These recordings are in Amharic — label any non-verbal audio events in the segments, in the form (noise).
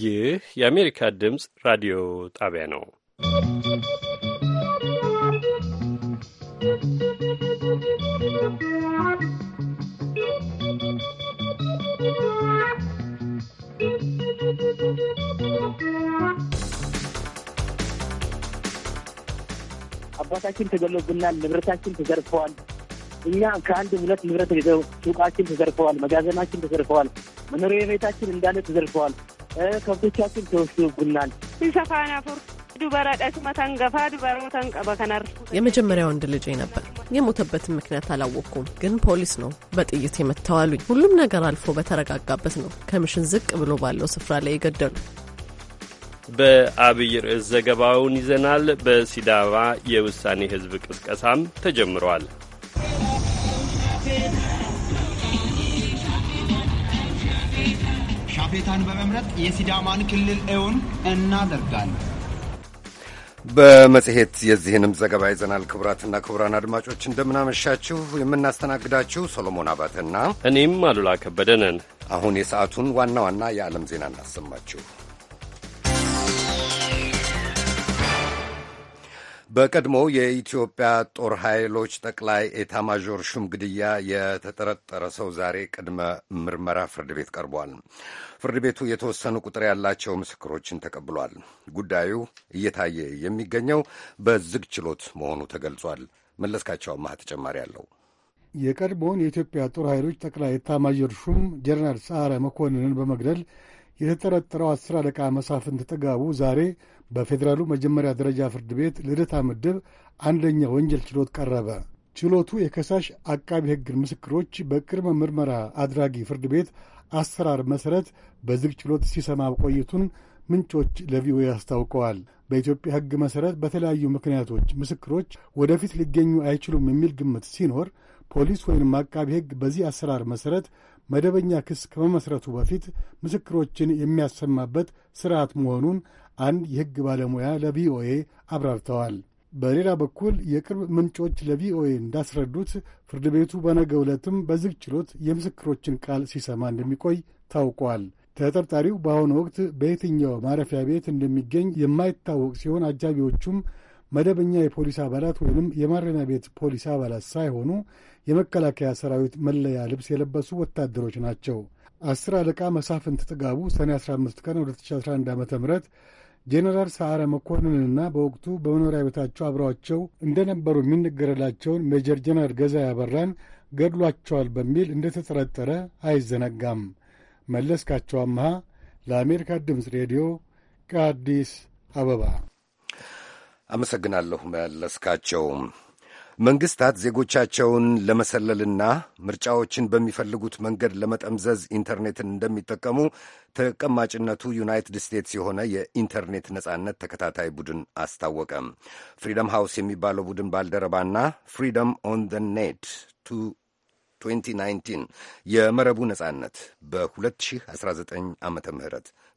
ይህ የአሜሪካ ድምፅ ራዲዮ ጣቢያ ነው። አባታችን ተገሎብናል፣ ንብረታችን ተዘርፈዋል። እኛ ከአንድ ሁለት ንብረት ሱቃችን ተዘርፈዋል፣ መጋዘናችን ተዘርፈዋል፣ መኖሪያ ቤታችን እንዳለ ተዘርፈዋል። ከብቶቻችን ተወስዶብናል። ሰፋና ፉር ዱበራ ወንድ ልጄ ነበር። የሞተበትን ምክንያት አላወቅኩም፣ ግን ፖሊስ ነው በጥይት የመተዋሉኝ። ሁሉም ነገር አልፎ በተረጋጋበት ነው ከምሽን ዝቅ ብሎ ባለው ስፍራ ላይ የገደሉ። በአብይ ርዕስ ዘገባውን ይዘናል። በሲዳማ የውሳኔ ህዝብ ቅስቀሳም ተጀምሯል። አፍሪታን በመምረጥ የሲዳማን ክልል እውን እናደርጋለን። በመጽሔት የዚህንም ዘገባ ይዘናል። ክቡራትና ክቡራን አድማጮች እንደምናመሻችሁ። የምናስተናግዳችሁ ሶሎሞን አባተና እኔም አሉላ ከበደ ነን። አሁን የሰዓቱን ዋና ዋና የዓለም ዜና እናሰማችሁ። በቀድሞ የኢትዮጵያ ጦር ኃይሎች ጠቅላይ ማዦር ሹም ግድያ የተጠረጠረ ሰው ዛሬ ቅድመ ምርመራ ፍርድ ቤት ቀርቧል። ፍርድ ቤቱ የተወሰኑ ቁጥር ያላቸው ምስክሮችን ተቀብሏል። ጉዳዩ እየታየ የሚገኘው በዝግ ችሎት መሆኑ ተገልጿል። መለስካቸው አማሃ ተጨማሪ አለው። የቀድሞውን የኢትዮጵያ ጦር ኃይሎች ጠቅላይ ኤታማዦር ሹም ጀነራል ሰዓረ መኮንንን በመግደል የተጠረጠረው አስር አለቃ መሳፍንት ጥጋቡ ዛሬ በፌዴራሉ መጀመሪያ ደረጃ ፍርድ ቤት ልደታ ምድብ አንደኛ ወንጀል ችሎት ቀረበ። ችሎቱ የከሳሽ አቃቢ ሕግን ምስክሮች በቅድመ ምርመራ አድራጊ ፍርድ ቤት አሰራር መሠረት በዝግ ችሎት ሲሰማ ቆይቱን ምንጮች ለቪኦኤ አስታውቀዋል። በኢትዮጵያ ሕግ መሠረት በተለያዩ ምክንያቶች ምስክሮች ወደፊት ሊገኙ አይችሉም የሚል ግምት ሲኖር ፖሊስ ወይም አቃቢ ሕግ በዚህ አሰራር መሠረት መደበኛ ክስ ከመመስረቱ በፊት ምስክሮችን የሚያሰማበት ስርዓት መሆኑን አንድ የሕግ ባለሙያ ለቪኦኤ አብራርተዋል። በሌላ በኩል የቅርብ ምንጮች ለቪኦኤ እንዳስረዱት ፍርድ ቤቱ በነገ ዕለትም በዝግ ችሎት የምስክሮችን ቃል ሲሰማ እንደሚቆይ ታውቋል። ተጠርጣሪው በአሁኑ ወቅት በየትኛው ማረፊያ ቤት እንደሚገኝ የማይታወቅ ሲሆን አጃቢዎቹም መደበኛ የፖሊስ አባላት ወይንም የማረሚያ ቤት ፖሊስ አባላት ሳይሆኑ የመከላከያ ሰራዊት መለያ ልብስ የለበሱ ወታደሮች ናቸው። አስር አለቃ መሳፍንት ጥጋቡ ሰኔ 15 ቀን 2011 ዓ ም ጄኔራል ሰዓረ መኮንንና በወቅቱ በመኖሪያ ቤታቸው አብረዋቸው እንደነበሩ የሚነገርላቸውን ሜጀር ጄኔራል ገዛ ያበራን ገድሏቸዋል በሚል እንደተጠረጠረ አይዘነጋም። መለስካቸው አምሃ ለአሜሪካ ድምፅ ሬዲዮ ከአዲስ አበባ አመሰግናለሁ መለስካቸው። መንግስታት ዜጎቻቸውን ለመሰለልና ምርጫዎችን በሚፈልጉት መንገድ ለመጠምዘዝ ኢንተርኔትን እንደሚጠቀሙ ተቀማጭነቱ ዩናይትድ ስቴትስ የሆነ የኢንተርኔት ነጻነት ተከታታይ ቡድን አስታወቀ። ፍሪደም ሃውስ የሚባለው ቡድን ባልደረባና ፍሪደም ኦን ደ ኔት 2019 የመረቡ ነጻነት በ2019 ዓ ም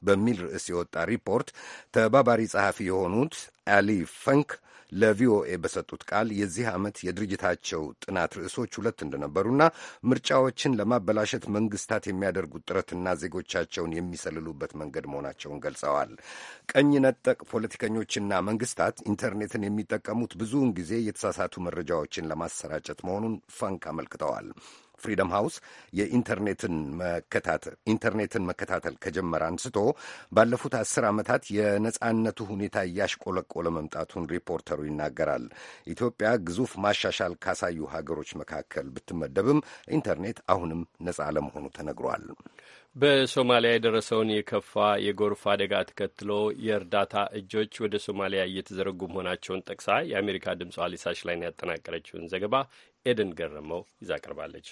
በሚል ርዕስ የወጣ ሪፖርት ተባባሪ ጸሐፊ የሆኑት አሊ ፈንክ ለቪኦኤ በሰጡት ቃል የዚህ ዓመት የድርጅታቸው ጥናት ርዕሶች ሁለት እንደነበሩና ምርጫዎችን ለማበላሸት መንግስታት የሚያደርጉት ጥረትና ዜጎቻቸውን የሚሰልሉበት መንገድ መሆናቸውን ገልጸዋል። ቀኝ ነጠቅ ፖለቲከኞችና መንግስታት ኢንተርኔትን የሚጠቀሙት ብዙውን ጊዜ የተሳሳቱ መረጃዎችን ለማሰራጨት መሆኑን ፈንክ አመልክተዋል። ፍሪደም ሃውስ የኢንተርኔትን መከታተል ኢንተርኔትን መከታተል ከጀመረ አንስቶ ባለፉት አስር ዓመታት የነጻነቱ ሁኔታ እያሽቆለቆለ መምጣቱን ሪፖርተሩ ይናገራል። ኢትዮጵያ ግዙፍ ማሻሻል ካሳዩ ሀገሮች መካከል ብትመደብም ኢንተርኔት አሁንም ነጻ ለመሆኑ ተነግሯል። በሶማሊያ የደረሰውን የከፋ የጎርፍ አደጋ ተከትሎ የእርዳታ እጆች ወደ ሶማሊያ እየተዘረጉ መሆናቸውን ጠቅሳ የአሜሪካ ድምፅ አሊሳሽ ላይን ያጠናቀረችውን ዘገባ ኤደን ገረመው ይዛ ቀርባለች።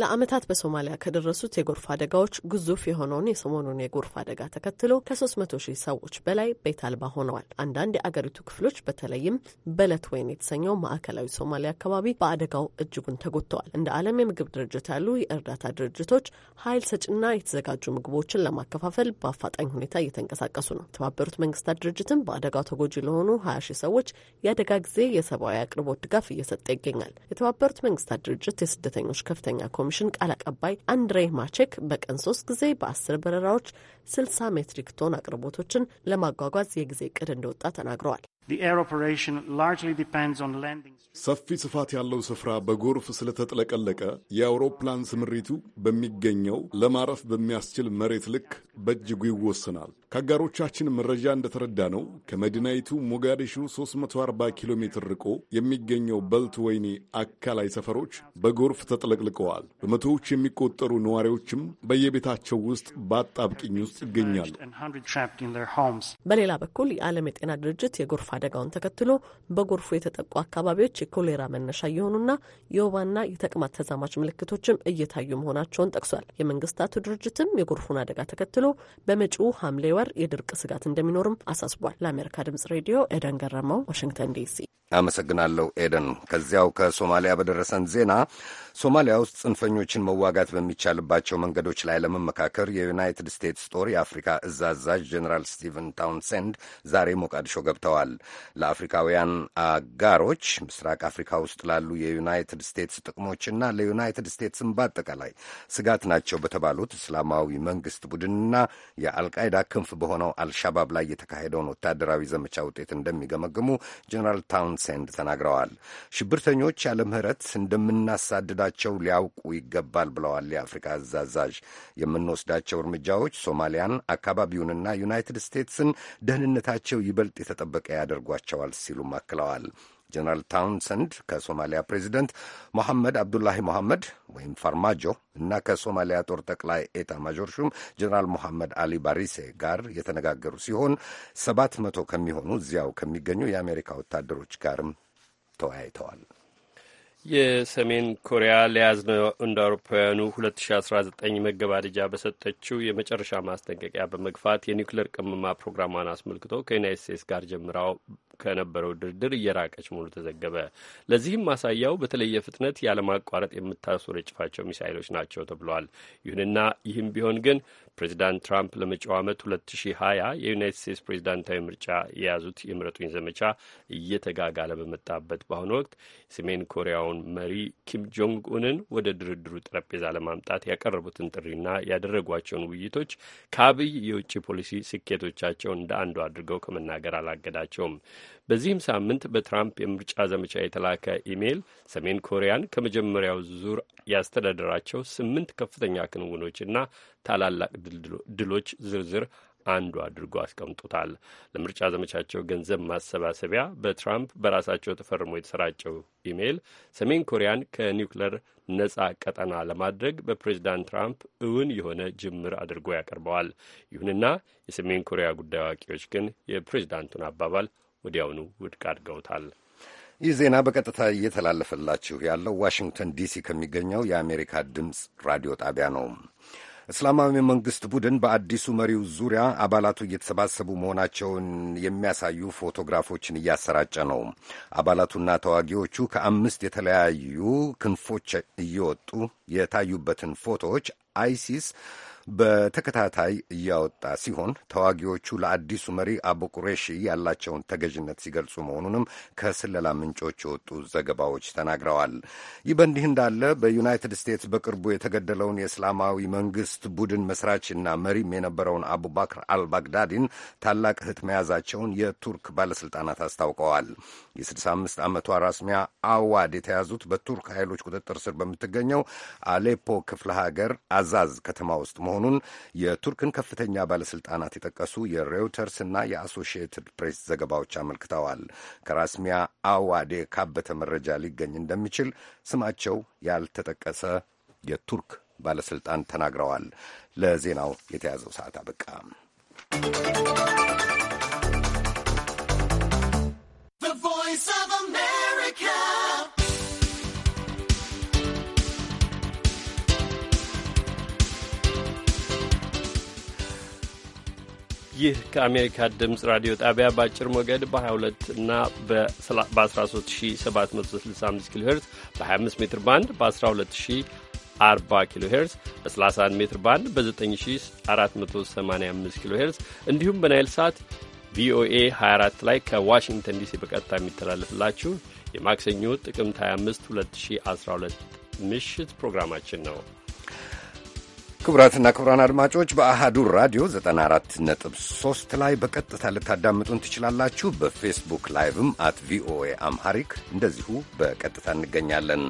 ለዓመታት በሶማሊያ ከደረሱት የጎርፍ አደጋዎች ግዙፍ የሆነውን የሰሞኑን የጎርፍ አደጋ ተከትሎ ከ300 ሺህ ሰዎች በላይ ቤት አልባ ሆነዋል። አንዳንድ የአገሪቱ ክፍሎች በተለይም በለት ወይን የተሰኘው ማዕከላዊ ሶማሊያ አካባቢ በአደጋው እጅጉን ተጎድተዋል። እንደ ዓለም የምግብ ድርጅት ያሉ የእርዳታ ድርጅቶች ኃይል ሰጭና የተዘጋጁ ምግቦችን ለማከፋፈል በአፋጣኝ ሁኔታ እየተንቀሳቀሱ ነው። የተባበሩት መንግስታት ድርጅትም በአደጋው ተጎጂ ለሆኑ 20 ሺህ ሰዎች የአደጋ ጊዜ የሰብአዊ አቅርቦት ድጋፍ እየሰጠ ይገኛል። የተባበሩት መንግስታት ድርጅት የስደተኞች ከፍተኛ ኮሚ ኮሚሽን ቃል አቀባይ አንድሬ ማቼክ በቀን ሶስት ጊዜ በአስር በረራዎች ስልሳ ሜትሪክ ቶን አቅርቦቶችን ለማጓጓዝ የጊዜ እቅድ እንደወጣ ተናግረዋል። ሰፊ ስፋት ያለው ስፍራ በጎርፍ ስለተጥለቀለቀ የአውሮፕላን ስምሪቱ በሚገኘው ለማረፍ በሚያስችል መሬት ልክ በእጅጉ ይወሰናል። ከአጋሮቻችን መረጃ እንደተረዳ ነው ከመዲናይቱ ሞጋዲሹ 340 ኪሎ ሜትር ርቆ የሚገኘው በልት ወይኒ አካላይ ሰፈሮች በጎርፍ ተጥለቅልቀዋል። በመቶዎች የሚቆጠሩ ነዋሪዎችም በየቤታቸው ውስጥ በአጣብቅኝ ውስጥ ይገኛሉ። በሌላ በኩል የዓለም የጤና ድርጅት የጎርፍ አደጋውን ተከትሎ በጎርፉ የተጠቁ አካባቢዎች የኮሌራ መነሻ እየሆኑና የወባና የተቅማጥ ተዛማች ምልክቶችም እየታዩ መሆናቸውን ጠቅሷል። የመንግስታቱ ድርጅትም የጎርፉን አደጋ ተከትሎ በመጪው ሐምሌ ወር የድርቅ ስጋት እንደሚኖርም አሳስቧል። ለአሜሪካ ድምጽ ሬዲዮ ኤደን ገረመው፣ ዋሽንግተን ዲሲ። አመሰግናለሁ ኤደን። ከዚያው ከሶማሊያ በደረሰን ዜና ሶማሊያ ውስጥ ጽንፈኞችን መዋጋት በሚቻልባቸው መንገዶች ላይ ለመመካከር የዩናይትድ ስቴትስ ጦር የአፍሪካ እዛዛዥ ጀኔራል ስቲቨን ታውንሰንድ ዛሬ ሞቃዲሾ ገብተዋል። ለአፍሪካውያን አጋሮች ምስራቅ አፍሪካ ውስጥ ላሉ የዩናይትድ ስቴትስ ጥቅሞችና ለዩናይትድ ስቴትስም በአጠቃላይ ስጋት ናቸው በተባሉት እስላማዊ መንግስት ቡድንና የአልቃይዳ ክንፍ በሆነው አልሻባብ ላይ የተካሄደውን ወታደራዊ ዘመቻ ውጤት እንደሚገመግሙ ጀነራል ታውንሴንድ ተናግረዋል። ሽብርተኞች ያለ ምህረት እንደምናሳድዳቸው ሊያውቁ ይገባል ብለዋል። የአፍሪካ አዛዛዥ የምንወስዳቸው እርምጃዎች ሶማሊያን፣ አካባቢውንና ዩናይትድ ስቴትስን ደህንነታቸው ይበልጥ የተጠበቀ ያደርጋል ያደርጓቸዋል ሲሉም አክለዋል። ጀነራል ታውንሰንድ ከሶማሊያ ፕሬዚደንት ሞሐመድ አብዱላሂ ሞሐመድ ወይም ፋርማጆ እና ከሶማሊያ ጦር ጠቅላይ ኤታ ማዦር ሹም ጀነራል ሞሐመድ አሊ ባሪሴ ጋር የተነጋገሩ ሲሆን ሰባት መቶ ከሚሆኑ እዚያው ከሚገኙ የአሜሪካ ወታደሮች ጋርም ተወያይተዋል። የሰሜን ኮሪያ ለያዝነው እንደ አውሮፓውያኑ 2019 መገባደጃ በሰጠችው የመጨረሻ ማስጠንቀቂያ በመግፋት የኒውክሌር ቅመማ ፕሮግራሟን አስመልክቶ ከዩናይት ስቴትስ ጋር ጀምራው ከነበረው ድርድር እየራቀች መሆኑ ተዘገበ። ለዚህም ማሳያው በተለየ ፍጥነት ያለማቋረጥ የምታስወነጭፋቸው ሚሳይሎች ናቸው ተብሏል። ይሁንና ይህም ቢሆን ግን ፕሬዚዳንት ትራምፕ ለመጪው ዓመት 2020 የዩናይትድ ስቴትስ ፕሬዚዳንታዊ ምርጫ የያዙት የምረጡኝ ዘመቻ እየተጋጋለ በመጣበት በአሁኑ ወቅት የሰሜን ኮሪያውን መሪ ኪም ጆንግ ኡንን ወደ ድርድሩ ጠረጴዛ ለማምጣት ያቀረቡትን ጥሪና ያደረጓቸውን ውይይቶች ከአብይ የውጭ ፖሊሲ ስኬቶቻቸውን እንደ አንዱ አድርገው ከመናገር አላገዳቸውም። በዚህም ሳምንት በትራምፕ የምርጫ ዘመቻ የተላከ ኢሜይል ሰሜን ኮሪያን ከመጀመሪያው ዙር ያስተዳደራቸው ስምንት ከፍተኛ ክንውኖችና ታላላቅ ድሎች ዝርዝር አንዱ አድርጎ አስቀምጦታል። ለምርጫ ዘመቻቸው ገንዘብ ማሰባሰቢያ በትራምፕ በራሳቸው ተፈርሞ የተሰራጨው ኢሜይል ሰሜን ኮሪያን ከኒውክለር ነጻ ቀጠና ለማድረግ በፕሬዚዳንት ትራምፕ እውን የሆነ ጅምር አድርጎ ያቀርበዋል። ይሁንና የሰሜን ኮሪያ ጉዳይ አዋቂዎች ግን የፕሬዚዳንቱን አባባል ወዲያውኑ ውድቅ አድርገውታል። ይህ ዜና በቀጥታ እየተላለፈላችሁ ያለው ዋሽንግተን ዲሲ ከሚገኘው የአሜሪካ ድምፅ ራዲዮ ጣቢያ ነው። እስላማዊ መንግሥት ቡድን በአዲሱ መሪው ዙሪያ አባላቱ እየተሰባሰቡ መሆናቸውን የሚያሳዩ ፎቶግራፎችን እያሰራጨ ነው። አባላቱና ተዋጊዎቹ ከአምስት የተለያዩ ክንፎች እየወጡ የታዩበትን ፎቶዎች አይሲስ በተከታታይ እያወጣ ሲሆን ተዋጊዎቹ ለአዲሱ መሪ አቡ ቁሬሺ ያላቸውን ተገዥነት ሲገልጹ መሆኑንም ከስለላ ምንጮች የወጡ ዘገባዎች ተናግረዋል። ይህ በእንዲህ እንዳለ በዩናይትድ ስቴትስ በቅርቡ የተገደለውን የእስላማዊ መንግስት ቡድን መስራችና መሪም የነበረውን አቡባክር አልባግዳዲን ታላቅ እህት መያዛቸውን የቱርክ ባለሥልጣናት አስታውቀዋል። የ65 ዓመቷ ራስሚያ አዋድ የተያዙት በቱርክ ኃይሎች ቁጥጥር ስር በምትገኘው አሌፖ ክፍለ ሀገር አዛዝ ከተማ ውስጥ መሆኑን የቱርክን ከፍተኛ ባለሥልጣናት የጠቀሱ የሬውተርስ እና የአሶሺየትድ ፕሬስ ዘገባዎች አመልክተዋል። ከራስሚያ አዋድ የካበተ መረጃ ሊገኝ እንደሚችል ስማቸው ያልተጠቀሰ የቱርክ ባለሥልጣን ተናግረዋል። ለዜናው የተያዘው ሰዓት አበቃ። ይህ ከአሜሪካ ድምፅ ራዲዮ ጣቢያ በአጭር ሞገድ በ22 እና በ13765 ኪሎ ሄርዝ በ25 ሜትር ባንድ በ1240 ኪሎ ሄርዝ በ31 ሜትር ባንድ በ9485 ኪሎ ሄርዝ እንዲሁም በናይል ሳት ቪኦኤ 24 ላይ ከዋሽንግተን ዲሲ በቀጥታ የሚተላለፍላችሁ የማክሰኞ ጥቅምት 25 2012 ምሽት ፕሮግራማችን ነው። ክቡራትና ክቡራን አድማጮች በአሃዱ ራዲዮ 94.3 ላይ በቀጥታ ልታዳምጡን ትችላላችሁ። በፌስቡክ ላይቭም አት ቪኦኤ አምሃሪክ እንደዚሁ በቀጥታ እንገኛለን።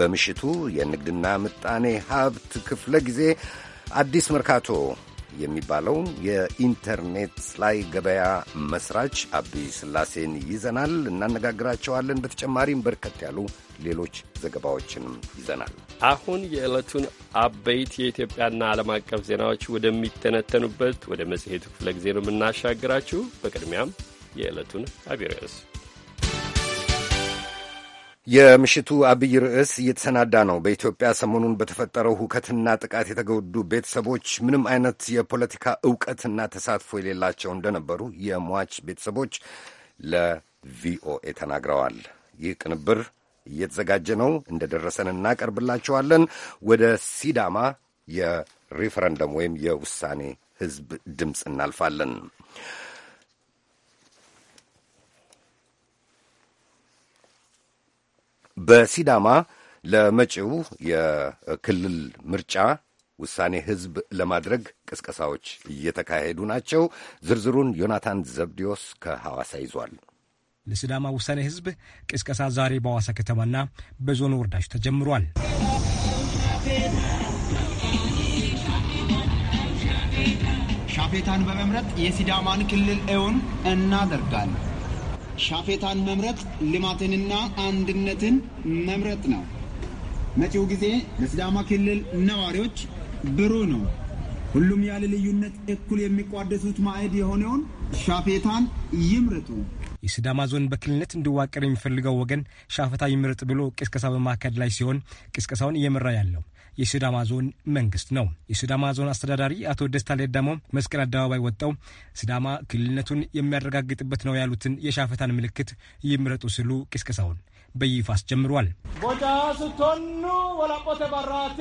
በምሽቱ የንግድና ምጣኔ ሀብት ክፍለ ጊዜ አዲስ መርካቶ የሚባለውን የኢንተርኔት ላይ ገበያ መስራች አብይ ስላሴን ይዘናል፣ እናነጋግራቸዋለን። በተጨማሪም በርከት ያሉ ሌሎች ዘገባዎችንም ይዘናል። አሁን የዕለቱን አበይት የኢትዮጵያና ዓለም አቀፍ ዜናዎች ወደሚተነተኑበት ወደ መጽሔቱ ክፍለ ጊዜ ነው የምናሻግራችሁ። በቅድሚያም የዕለቱን አብይ ርዕስ የምሽቱ አብይ ርዕስ እየተሰናዳ ነው። በኢትዮጵያ ሰሞኑን በተፈጠረው ሁከትና ጥቃት የተጎዱ ቤተሰቦች ምንም አይነት የፖለቲካ እውቀትና ተሳትፎ የሌላቸው እንደነበሩ የሟች ቤተሰቦች ለቪኦኤ ተናግረዋል። ይህ ቅንብር እየተዘጋጀ ነው። እንደደረሰን እናቀርብላችኋለን። ወደ ሲዳማ የሪፈረንደም ወይም የውሳኔ ህዝብ ድምፅ እናልፋለን። በሲዳማ ለመጪው የክልል ምርጫ ውሳኔ ህዝብ ለማድረግ ቅስቀሳዎች እየተካሄዱ ናቸው። ዝርዝሩን ዮናታን ዘብዲዮስ ከሐዋሳ ይዟል። ለስዳማ ውሳኔ ህዝብ ቅስቀሳ ዛሬ በሐዋሳ ከተማና በዞኑ ወረዳዎች ተጀምሯል። ሻፌታን በመምረጥ የሲዳማን ክልል እውን እናደርጋለን። ሻፌታን መምረጥ ልማትንና አንድነትን መምረጥ ነው። መጪው ጊዜ ለሲዳማ ክልል ነዋሪዎች ብሩህ ነው። ሁሉም ያለ ልዩነት እኩል የሚቋደሱት ማዕድ የሆነውን ሻፌታን ይምረጡ። የስዳማ ዞን በክልልነት እንዲዋቀር የሚፈልገው ወገን ሻፈታ ይምረጥ ብሎ ቅስቀሳ በማካሄድ ላይ ሲሆን ቅስቀሳውን እየመራ ያለው የሲዳማ ዞን መንግስት ነው። የሲዳማ ዞን አስተዳዳሪ አቶ ደስታ ሌዳሞ መስቀል አደባባይ ወጥተው ሲዳማ ክልልነቱን የሚያረጋግጥበት ነው ያሉትን የሻፈታን ምልክት ይምረጡ ሲሉ ቅስቀሳውን በይፋ አስጀምሯል። ቦጫ ስቶኑ ወላቆቴ ባራቲ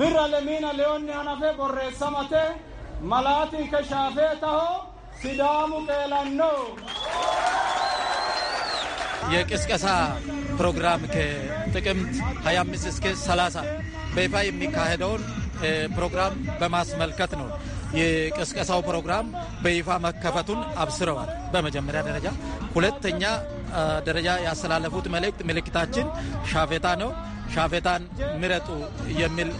ብራ ለሚና ሊዮን ያናፌ ቦሬ ሰማቴ መላቲ ከሻፌ ታሆ ሲዳሙ ነው። የቅስቀሳ ፕሮግራም ከጥቅምት 25 እስከ 30 በይፋ የሚካሄደውን ፕሮግራም በማስመልከት ነው። የቅስቀሳው ፕሮግራም በይፋ መከፈቱን አብስረዋል። በመጀመሪያ ደረጃ ሁለተኛ ደረጃ ያስተላለፉት መልእክት ምልክታችን ሻፌታ ነው ሻፌታን ምረጡ የሚል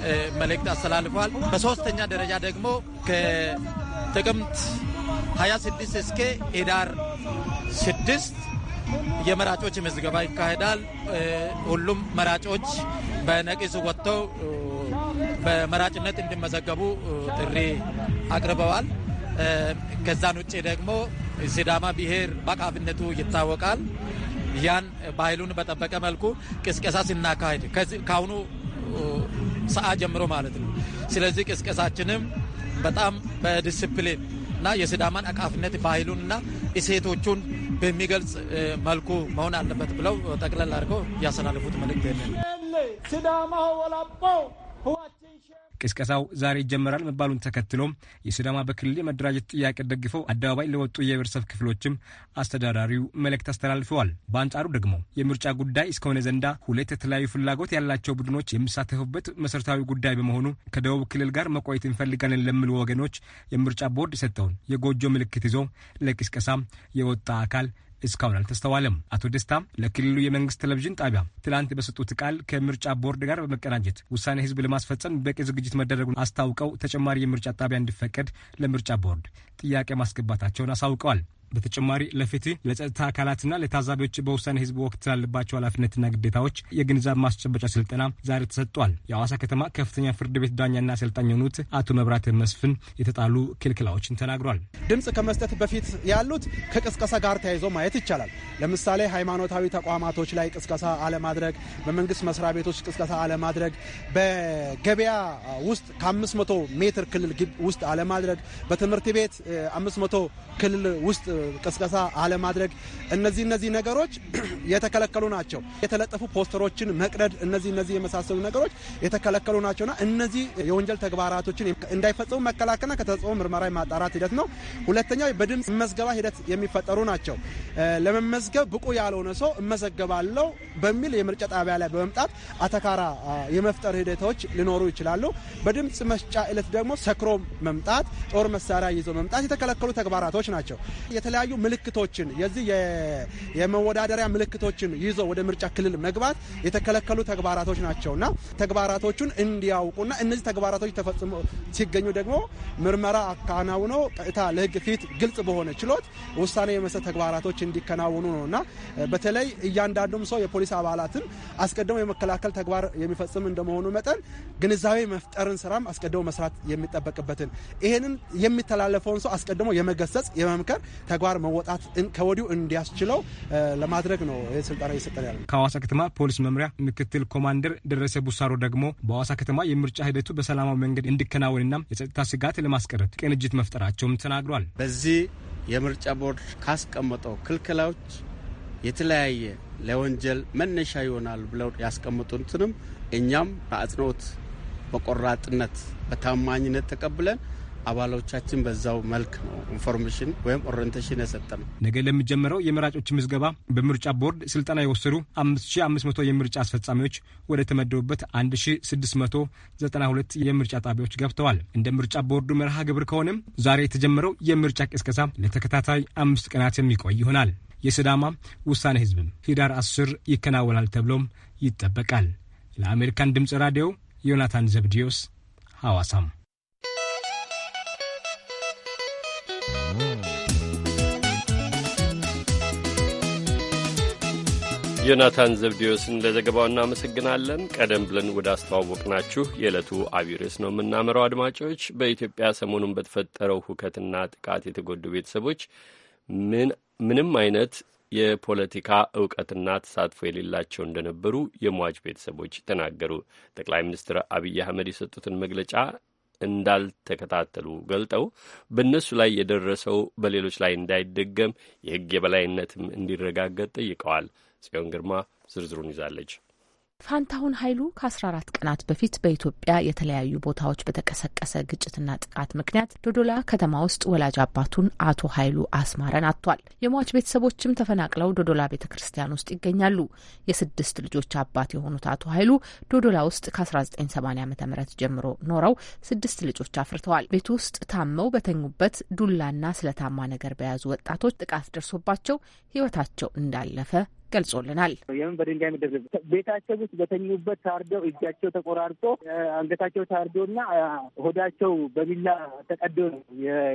መልእክት አስተላልፏል። በሶስተኛ ደረጃ ደግሞ ከጥቅምት 26 እስከ ህዳር 6 የመራጮች ምዝገባ ይካሄዳል። ሁሉም መራጮች በነቂስ ወጥተው በመራጭነት እንዲመዘገቡ ጥሪ አቅርበዋል። ከዛን ውጭ ደግሞ ሲዳማ ብሔር በአቃፊነቱ ይታወቃል። ያን ባህሉን በጠበቀ መልኩ ቅስቀሳ ስናካሄድ ከአሁኑ ሰዓት ጀምሮ ማለት ነው። ስለዚህ ቅስቀሳችንም በጣም በዲስፕሊን እና የሲዳማን አቃፍነት ባህሉንና እሴቶቹን በሚገልጽ መልኩ መሆን አለበት ብለው ጠቅለል አድርገው ያስተላለፉት መልእክት የለን ሲዳማ ወላባው ቅስቀሳው ዛሬ ይጀመራል መባሉን ተከትሎ የሲዳማ በክልል የመደራጀት ጥያቄ ደግፈው አደባባይ ለወጡ የብሔረሰብ ክፍሎችም አስተዳዳሪው መልእክት አስተላልፈዋል። በአንጻሩ ደግሞ የምርጫ ጉዳይ እስከሆነ ዘንዳ ሁለት የተለያዩ ፍላጎት ያላቸው ቡድኖች የሚሳተፉበት መሰረታዊ ጉዳይ በመሆኑ ከደቡብ ክልል ጋር መቆየት እንፈልጋለን ለሚሉ ወገኖች የምርጫ ቦርድ የሰጠውን የጎጆ ምልክት ይዞ ለቅስቀሳ የወጣ አካል እስካሁን አልተስተዋለም። አቶ ደስታ ለክልሉ የመንግስት ቴሌቪዥን ጣቢያ ትላንት በሰጡት ቃል ከምርጫ ቦርድ ጋር በመቀናጀት ውሳኔ ህዝብ ለማስፈጸም በቂ ዝግጅት መደረጉን አስታውቀው ተጨማሪ የምርጫ ጣቢያ እንዲፈቀድ ለምርጫ ቦርድ ጥያቄ ማስገባታቸውን አሳውቀዋል። በተጨማሪ ለፍትህ ለጸጥታ አካላትና ለታዛቢዎች በውሳኔ ህዝብ ወቅት ስላለባቸው ኃላፊነትና ግዴታዎች የግንዛብ ማስጨበጫ ስልጠና ዛሬ ተሰጥቷል። የአዋሳ ከተማ ከፍተኛ ፍርድ ቤት ዳኛና አሰልጣኝ የሆኑት አቶ መብራት መስፍን የተጣሉ ክልክላዎችን ተናግሯል። ድምፅ ከመስጠት በፊት ያሉት ከቅስቀሳ ጋር ተያይዞ ማየት ይቻላል። ለምሳሌ ሃይማኖታዊ ተቋማቶች ላይ ቅስቀሳ አለማድረግ፣ በመንግስት መስሪያ ቤቶች ቅስቀሳ አለማድረግ፣ በገበያ ውስጥ ከ500 ሜትር ክልል ውስጥ አለማድረግ፣ በትምህርት ቤት 500 ክልል ውስጥ ቅስቀሳ አለማድረግ፣ እነዚህ እነዚህ ነገሮች (clears throat) የተከለከሉ ናቸው። የተለጠፉ ፖስተሮችን መቅደድ፣ እነዚህ እነዚህ የመሳሰሉ ነገሮች የተከለከሉ ናቸውና እነዚህ የወንጀል ተግባራቶችን እንዳይፈጽሙ መከላከልና ከተጽዕኖ ምርመራ የማጣራት ሂደት ነው። ሁለተኛው በድምፅ መዝገባ ሂደት የሚፈጠሩ ናቸው። ለመመዝገብ ብቁ ያልሆነ ሰው እመዘገባለው በሚል የምርጫ ጣቢያ ላይ በመምጣት አተካራ የመፍጠር ሂደቶች ሊኖሩ ይችላሉ። በድምፅ መስጫ እለት ደግሞ ሰክሮ መምጣት፣ ጦር መሳሪያ ይዞ መምጣት የተከለከሉ ተግባራቶች ናቸው። የተለያዩ ምልክቶችን የዚህ የመወዳደሪያ ምልክቶችን ይዞ ወደ ምርጫ ክልል መግባት የተከለከሉ ተግባራቶች ናቸውና ተግባራቶቹን እንዲያውቁና እነዚህ ተግባራቶች ተፈጽሞ ሲገኙ ደግሞ ምርመራ አካናውኖ ቀጥታ ለሕግ ፊት ግልጽ በሆነ ችሎት ውሳኔ የመሰ ተግባራቶች እንዲከናወኑ ነውና በተለይ እያንዳንዱም ሰው የፖሊስ አባላትም አስቀድሞ የመከላከል ተግባር የሚፈጽም እንደመሆኑ መጠን ግንዛቤ መፍጠርን ስራም አስቀድሞ መስራት የሚጠበቅበትን ይህንን የሚተላለፈውን ሰው አስቀድሞ የመገሰጽ የመምከር ተግባር መወጣት ከወዲሁ እንዲያስችለው ለማድረግ ነው ይህ ስልጠና እየሰጠን ያለ። ከሐዋሳ ከተማ ፖሊስ መምሪያ ምክትል ኮማንደር ደረሰ ቡሳሮ ደግሞ በሐዋሳ ከተማ የምርጫ ሂደቱ በሰላማዊ መንገድ እንዲከናወንና የጸጥታ ስጋት ለማስቀረት ቅንጅት መፍጠራቸውም ተናግሯል። በዚህ የምርጫ ቦርድ ካስቀመጠው ክልክላዎች የተለያየ ለወንጀል መነሻ ይሆናል ብለው ያስቀምጡትንም እኛም በአጽንኦት በቆራጥነት በታማኝነት ተቀብለን አባሎቻችን በዛው መልክ ነው ኢንፎርሜሽን ወይም ኦሪንቴሽን የሰጠ ነው። ነገ ለሚጀመረው የመራጮች ምዝገባ በምርጫ ቦርድ ስልጠና የወሰዱ 5500 የምርጫ አስፈጻሚዎች ወደ ተመደቡበት 1692 የምርጫ ጣቢያዎች ገብተዋል። እንደ ምርጫ ቦርዱ መርሃ ግብር ከሆነም ዛሬ የተጀመረው የምርጫ ቅስቀሳ ለተከታታይ አምስት ቀናት የሚቆይ ይሆናል። የስዳማ ውሳኔ ህዝብም ህዳር 10 ይከናወናል ተብሎም ይጠበቃል። ለአሜሪካን ድምፅ ራዲዮ ዮናታን ዘብዲዮስ ሐዋሳም ዮናታን ዘብዲዮስን ለዘገባው እናመሰግናለን። ቀደም ብለን ወደ አስተዋወቅናችሁ የዕለቱ አቢሬስ ነው የምናመረው። አድማጮች፣ በኢትዮጵያ ሰሞኑን በተፈጠረው ሁከትና ጥቃት የተጎዱ ቤተሰቦች ምንም አይነት የፖለቲካ እውቀትና ተሳትፎ የሌላቸው እንደነበሩ የሟች ቤተሰቦች ተናገሩ። ጠቅላይ ሚኒስትር አብይ አህመድ የሰጡትን መግለጫ እንዳልተከታተሉ ገልጠው በእነሱ ላይ የደረሰው በሌሎች ላይ እንዳይደገም የሕግ የበላይነትም እንዲረጋገጥ ጠይቀዋል። ጽዮን ግርማ ዝርዝሩን ይዛለች። ፋንታሁን ኃይሉ ከ14 ቀናት በፊት በኢትዮጵያ የተለያዩ ቦታዎች በተቀሰቀሰ ግጭትና ጥቃት ምክንያት ዶዶላ ከተማ ውስጥ ወላጅ አባቱን አቶ ኃይሉ አስማረን አጥቷል። የሟች ቤተሰቦችም ተፈናቅለው ዶዶላ ቤተ ክርስቲያን ውስጥ ይገኛሉ። የስድስት ልጆች አባት የሆኑት አቶ ኃይሉ ዶዶላ ውስጥ ከ1980 ዓ ም ጀምሮ ኖረው ስድስት ልጆች አፍርተዋል። ቤት ውስጥ ታመው በተኙበት ዱላና ስለታማ ነገር በያዙ ወጣቶች ጥቃት ደርሶባቸው ህይወታቸው እንዳለፈ ገልጾልናል። የምን በድንጋይ ቤታቸው ውስጥ በተኙበት ታርደው እጃቸው ተቆራርጦ አንገታቸው ታርዶና ሆዳቸው በቢላ ተቀዶ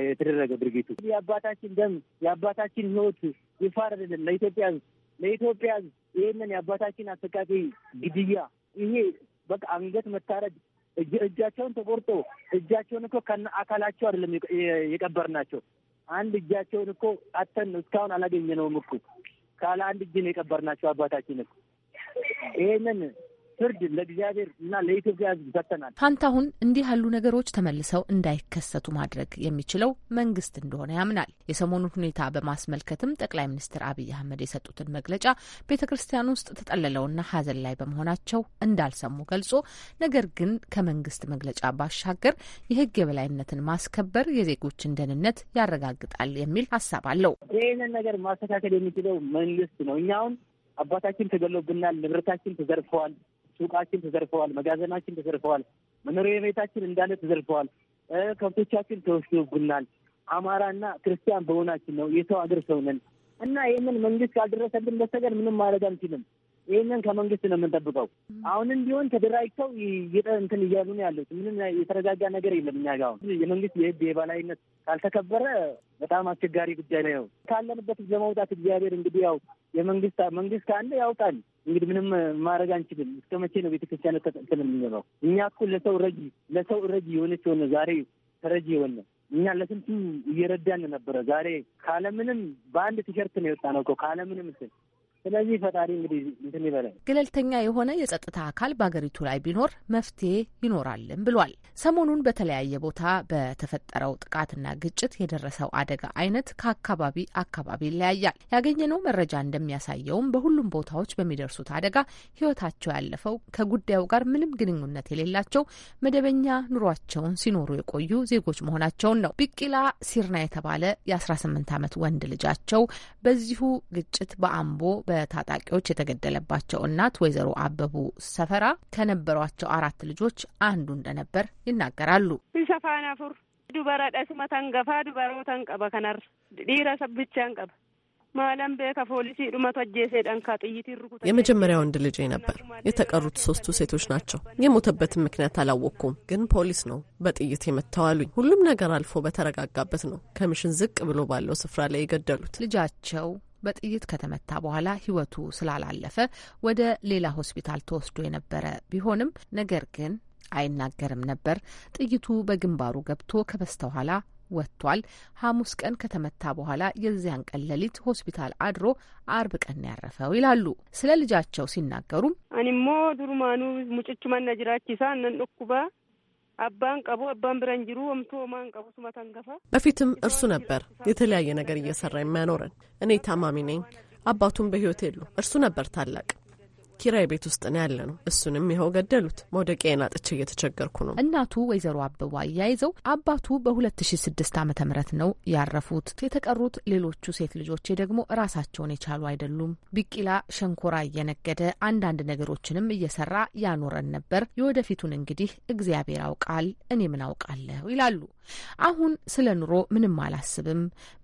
የተደረገ ድርጊቱ የአባታችን ደም የአባታችን ሕይወት ይፋር ለኢትዮጵያ ለኢትዮጵያ ይህንን የአባታችን አሰቃቂ ግድያ ይሄ በቃ አንገት መታረድ እጃቸውን ተቆርጦ እጃቸውን እኮ ከነ አካላቸው አይደለም የቀበር ናቸው። አንድ እጃቸውን እኮ አተን እስካሁን አላገኘነውም እኮ ካለ አንድ እጅ ነው የቀበርናቸው አባታችን እኮ ፍርድ ለእግዚአብሔር እና ለኢትዮጵያ ሕዝብ ሰጥተናል። ፋንታሁን እንዲህ ያሉ ነገሮች ተመልሰው እንዳይከሰቱ ማድረግ የሚችለው መንግስት እንደሆነ ያምናል። የሰሞኑን ሁኔታ በማስመልከትም ጠቅላይ ሚኒስትር አብይ አህመድ የሰጡትን መግለጫ ቤተ ክርስቲያን ውስጥ ተጠልለውና ሀዘን ላይ በመሆናቸው እንዳልሰሙ ገልጾ ነገር ግን ከመንግስት መግለጫ ባሻገር የህግ የበላይነትን ማስከበር የዜጎችን ደህንነት ያረጋግጣል የሚል ሀሳብ አለው። ይህንን ነገር ማስተካከል የሚችለው መንግስት ነው። እኛውን አባታችን ተገሎብናል፣ ንብረታችን ተዘርፈዋል ሱቃችን ተዘርፈዋል፣ መጋዘናችን ተዘርፈዋል፣ መኖሪያ ቤታችን እንዳለ ተዘርፈዋል፣ ከብቶቻችን ተወስዶብናል። አማራና ክርስቲያን በሆናችን ነው የሰው አገር ሰው ነን እና ይህንን መንግስት ካልደረሰልን በስተቀር ምንም ማድረግ አንችልም። ይህንን ከመንግስት ነው የምንጠብቀው። አሁንም ቢሆን ተደራጅተው እንትን እያሉ ነው ያሉት። ምንም የተረጋጋ ነገር የለም። እኛ ጋ አሁን የመንግስት የህግ የበላይነት ካልተከበረ በጣም አስቸጋሪ ጉዳይ ነው። ካለንበት ለመውጣት እግዚአብሔር እንግዲህ ያው የመንግስት መንግስት ካለ ያውጣል። እንግዲህ ምንም ማድረግ አንችልም። እስከ መቼ ነው ቤተክርስቲያን ተጠቅተን የምንኖረው? እኛ እኮ ለሰው ረጂ ለሰው ረጂ የሆነች የሆነ ዛሬ ተረጂ የሆነ እኛ ለስንቱ እየረዳን ነበረ። ዛሬ ካለምንም በአንድ ቲሸርት ነው የወጣ ነው። ካለምንም ስል ስለዚህ ፈጣሪ እንግዲህ እንትን ይበለን። ገለልተኛ የሆነ የጸጥታ አካል በሀገሪቱ ላይ ቢኖር መፍትሄ ይኖራልም ብሏል። ሰሞኑን በተለያየ ቦታ በተፈጠረው ጥቃትና ግጭት የደረሰው አደጋ አይነት ከአካባቢ አካባቢ ይለያያል። ያገኘነው መረጃ እንደሚያሳየውም በሁሉም ቦታዎች በሚደርሱት አደጋ ህይወታቸው ያለፈው ከጉዳዩ ጋር ምንም ግንኙነት የሌላቸው መደበኛ ኑሯቸውን ሲኖሩ የቆዩ ዜጎች መሆናቸውን ነው። ቢቂላ ሲርና የተባለ የ18 ዓመት ወንድ ልጃቸው በዚሁ ግጭት በአምቦ በታጣቂዎች የተገደለባቸው እናት ወይዘሮ አበቡ ሰፈራ ከነበሯቸው አራት ልጆች አንዱ እንደነበር ይናገራሉ። ሰፋናፉር ዱበራ ደስመ ተንገፋ ዱበሮ ተንቀበ ከነር ዲራ ሰብቻ እንቀበ ማለም ቤከ ከፖሊሲ ዱመቶ ጄሴ ደንካ ጥይት ይርጉት የመጀመሪያ ወንድ ልጄ ነበር። የተቀሩት ሶስቱ ሴቶች ናቸው። የሞተበትን ምክንያት አላወቅኩም፣ ግን ፖሊስ ነው በጥይት የመታው አሉኝ። ሁሉም ነገር አልፎ በተረጋጋበት ነው ከምሽን ዝቅ ብሎ ባለው ስፍራ ላይ የገደሉት ልጃቸው በጥይት ከተመታ በኋላ ህይወቱ ስላላለፈ ወደ ሌላ ሆስፒታል ተወስዶ የነበረ ቢሆንም ነገር ግን አይናገርም ነበር። ጥይቱ በግንባሩ ገብቶ ከበስተኋላ ወጥቷል። ሐሙስ ቀን ከተመታ በኋላ የዚያን ቀን ሌሊት ሆስፒታል አድሮ አርብ ቀን ያረፈው ይላሉ። ስለ ልጃቸው ሲናገሩም አኒሞ ዱርማኑ ሙጭቹ እነን ነንኩባ አባን ቀቡ አባን ብረንጅሩ ወምቶ ማን ቀቡ ሱማታን በፊትም እርሱ ነበር የተለያየ ነገር እየሰራ የሚያኖረን። እኔ ታማሚ ነኝ፣ አባቱም በህይወት የሉ። እርሱ ነበር ታላቅ ኪራይ ቤት ውስጥ ነው ያለ ነው። እሱንም ይኸው ገደሉት። መውደቂያዬን አጥቼ እየተቸገርኩ ነው። እናቱ ወይዘሮ አበቡ አያይዘው አባቱ በ2006 ዓ ም ነው ያረፉት። የተቀሩት ሌሎቹ ሴት ልጆቼ ደግሞ ራሳቸውን የቻሉ አይደሉም። ቢቂላ ሸንኮራ እየነገደ አንዳንድ ነገሮችንም እየሰራ ያኖረን ነበር። የወደፊቱን እንግዲህ እግዚአብሔር አውቃል እኔ ምን አውቃለሁ ይላሉ አሁን ስለ ኑሮ ምንም አላስብም።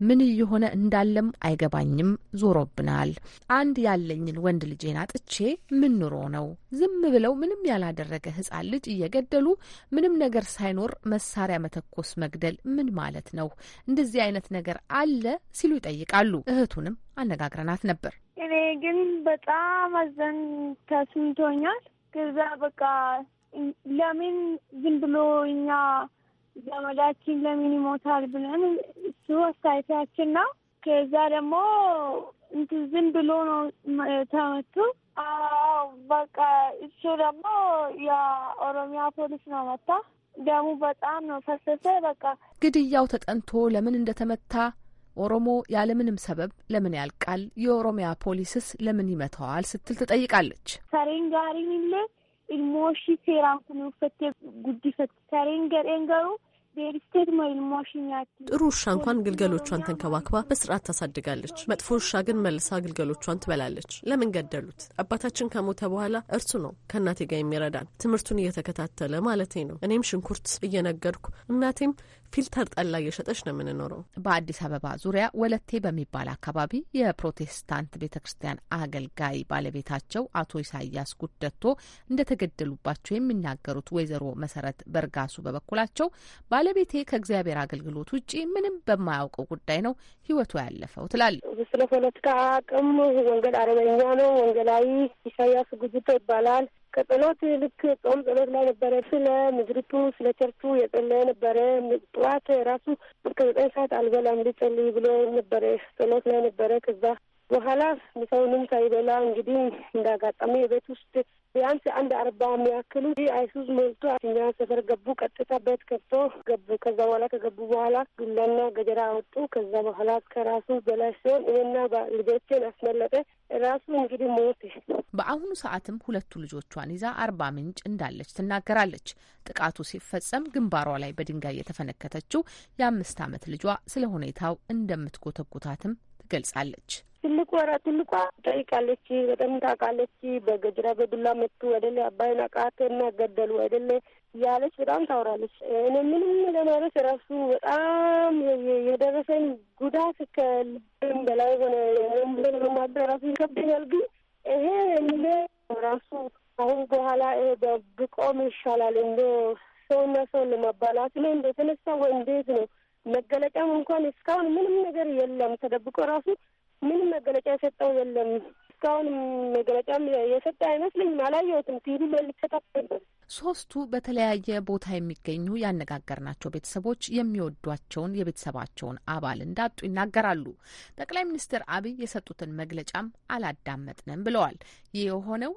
ምን እየሆነ እንዳለም አይገባኝም። ዞሮብናል። አንድ ያለኝን ወንድ ልጄን አጥቼ ምን ኑሮ ነው? ዝም ብለው ምንም ያላደረገ ሕጻን ልጅ እየገደሉ ምንም ነገር ሳይኖር መሳሪያ መተኮስ መግደል ምን ማለት ነው? እንደዚህ አይነት ነገር አለ ሲሉ ይጠይቃሉ። እህቱንም አነጋግረናት ነበር። እኔ ግን በጣም አዘን ተስምቶኛል። ከዛ በቃ ለምን ዝም ብሎ እኛ ዘመዳችን ለምን ይሞታል ብለን እሱ አስተያየታችን ነው። ከዛ ደግሞ እንትን ዝም ብሎ ነው ተመቱ። በቃ እሱ ደግሞ የኦሮሚያ ፖሊስ ነው መታ። ደሙ በጣም ነው ፈሰሰ። በቃ ግድያው ተጠንቶ ለምን እንደተመታ ኦሮሞ ያለምንም ሰበብ ለምን ያልቃል? የኦሮሚያ ፖሊስስ ለምን ይመታዋል ስትል ትጠይቃለች። ሰሬን ilmooshii seeraan kun uffattee guddifatti. tareen gadheen garuu ጥሩ ውሻ እንኳን ግልገሎቿን ተንከባክባ በስርዓት ታሳድጋለች። መጥፎ ውሻ ግን መልሳ ግልገሎቿን ትበላለች። ለምን ገደሉት? አባታችን ከሞተ በኋላ እርሱ ነው ከእናቴ ጋር የሚረዳን ትምህርቱን እየተከታተለ ማለቴ ነው። እኔም ሽንኩርት እየነገድኩ እናቴም ፊልተር ጠላ እየሸጠች ነው የምንኖረው። በአዲስ አበባ ዙሪያ ወለቴ በሚባል አካባቢ የፕሮቴስታንት ቤተ ክርስቲያን አገልጋይ ባለቤታቸው አቶ ኢሳያስ ጉደቶ እንደተገደሉባቸው የሚናገሩት ወይዘሮ መሰረት በርጋሱ በበኩላቸው ባለቤቴ ከእግዚአብሔር አገልግሎት ውጭ ምንም በማያውቀው ጉዳይ ነው ህይወቱ ያለፈው ትላል። ስለ ፖለቲካ አቅም ወንገል አረበኛ ነው። ወንገላዊ ኢሳያስ ጉድቶ ይባላል። ከጸሎት ልክ ጾም ጸሎት ላይ ነበረ። ስለ ምድሪቱ ስለ ቸርቹ የጸለየ ነበረ። ጠዋት ራሱ እስከ ዘጠኝ ሰዓት አልበላም ልጸልይ ብሎ ነበረ። ጸሎት ላይ ነበረ። ከዛ በኋላ ሰውንም ሳይበላ እንግዲህ እንዳጋጣሚ የቤት ውስጥ ቢያንስ አንድ አርባ የሚያክሉ አይሱዝ ሞልቶ እኛ ሰፈር ገቡ። ቀጥታ ቤት ከፍቶ ገቡ። ከዛ በኋላ ከገቡ በኋላ ዱላና ገጀራ አወጡ። ከዛ በኋላ ከራሱ በላይ ሲሆን እኔና ልጆቼን አስመለጠ። ራሱ እንግዲህ ሞት። በአሁኑ ሰዓትም ሁለቱ ልጆቿን ይዛ አርባ ምንጭ እንዳለች ትናገራለች። ጥቃቱ ሲፈጸም ግንባሯ ላይ በድንጋይ የተፈነከተችው የአምስት ዓመት ልጇ ስለ ሁኔታው እንደምትጎተጉታትም ትገልጻለች። ትልቁ ወራ ትልቋ ጠይቃለች። በጣም ታውቃለች። በገጅራ በዱላ መቱ ወደለ አባይን አቃት እና ገደሉ አይደለ ያለች በጣም ታውራለች። እኔ ምንም ለማለት ራሱ በጣም የደረሰኝ ጉዳት ከልም በላይ ሆነ ለማድረግ ራሱ ይከብደኛል። ግን ይሄ እንደ ራሱ አሁን በኋላ ብቆም ይሻላል እንደ ሰውና ሰው ለማባላት ነው እንደተነሳ ወይ እንዴት ነው መገለጫም እንኳን እስካሁን ምንም ነገር የለም ተደብቆ ራሱ ምንም መገለጫ የሰጠው የለም። እስካሁን መገለጫም የሰጠ አይመስለኝም። አላየሁትም። ቲቪ መልከታነበር ሶስቱ በተለያየ ቦታ የሚገኙ ያነጋገርናቸው ቤተሰቦች የሚወዷቸውን የቤተሰባቸውን አባል እንዳጡ ይናገራሉ። ጠቅላይ ሚኒስትር አብይ የሰጡትን መግለጫም አላዳመጥንም ብለዋል። ይህ የሆነው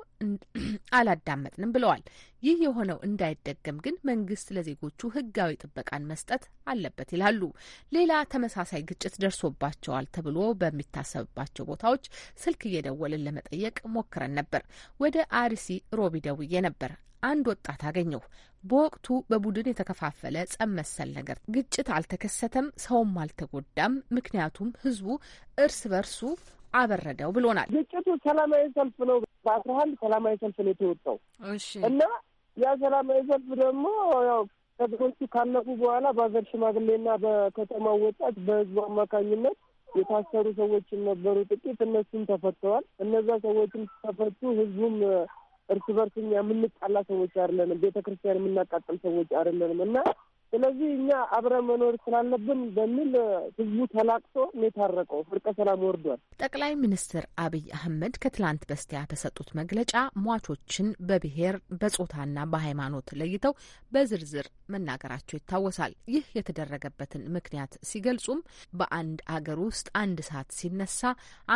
አላዳመጥንም ብለዋል። ይህ የሆነው እንዳይደገም ግን መንግስት ለዜጎቹ ህጋዊ ጥበቃን መስጠት አለበት ይላሉ። ሌላ ተመሳሳይ ግጭት ደርሶባቸዋል ተብሎ በሚታሰብባቸው ቦታዎች ስልክ እየደወልን ለመጠየቅ ሞክረን ነበር። ወደ አርሲ ሮቢ ደውዬ ነበር። አንድ ወጣት አገኘሁ። በወቅቱ በቡድን የተከፋፈለ ጸም መሰል ነገር ግጭት አልተከሰተም፣ ሰውም አልተጎዳም። ምክንያቱም ህዝቡ እርስ በርሱ አበረደው ብሎናል። ግጭቱ ሰላማዊ ሰልፍ ነው። በአስራ አንድ ሰላማዊ ሰልፍ ነው የተወጣው እና ያ ሰላማዊ ሰልፍ ደግሞ ያው ከተሞቹ ካለፉ በኋላ በሀገር ሽማግሌና በከተማው ወጣት በህዝቡ አማካኝነት የታሰሩ ሰዎችን ነበሩ ጥቂት እነሱም ተፈተዋል። እነዛ ሰዎችም ተፈቱ። ህዝቡም እርስ በርስ እኛ የምንጣላ ሰዎች አይደለንም፣ ቤተ ክርስቲያን የምናቃጥል ሰዎች አይደለንም እና ስለዚህ እኛ አብረ መኖር ስላለብን በሚል ህዝቡ ተላቅሶ ነው የታረቀው። እርቀ ሰላም ወርዷል። ጠቅላይ ሚኒስትር አብይ አህመድ ከትላንት በስቲያ በሰጡት መግለጫ ሟቾችን በብሔር በጾታና በሃይማኖት ለይተው በዝርዝር መናገራቸው ይታወሳል። ይህ የተደረገበትን ምክንያት ሲገልጹም በአንድ አገር ውስጥ አንድ እሳት ሲነሳ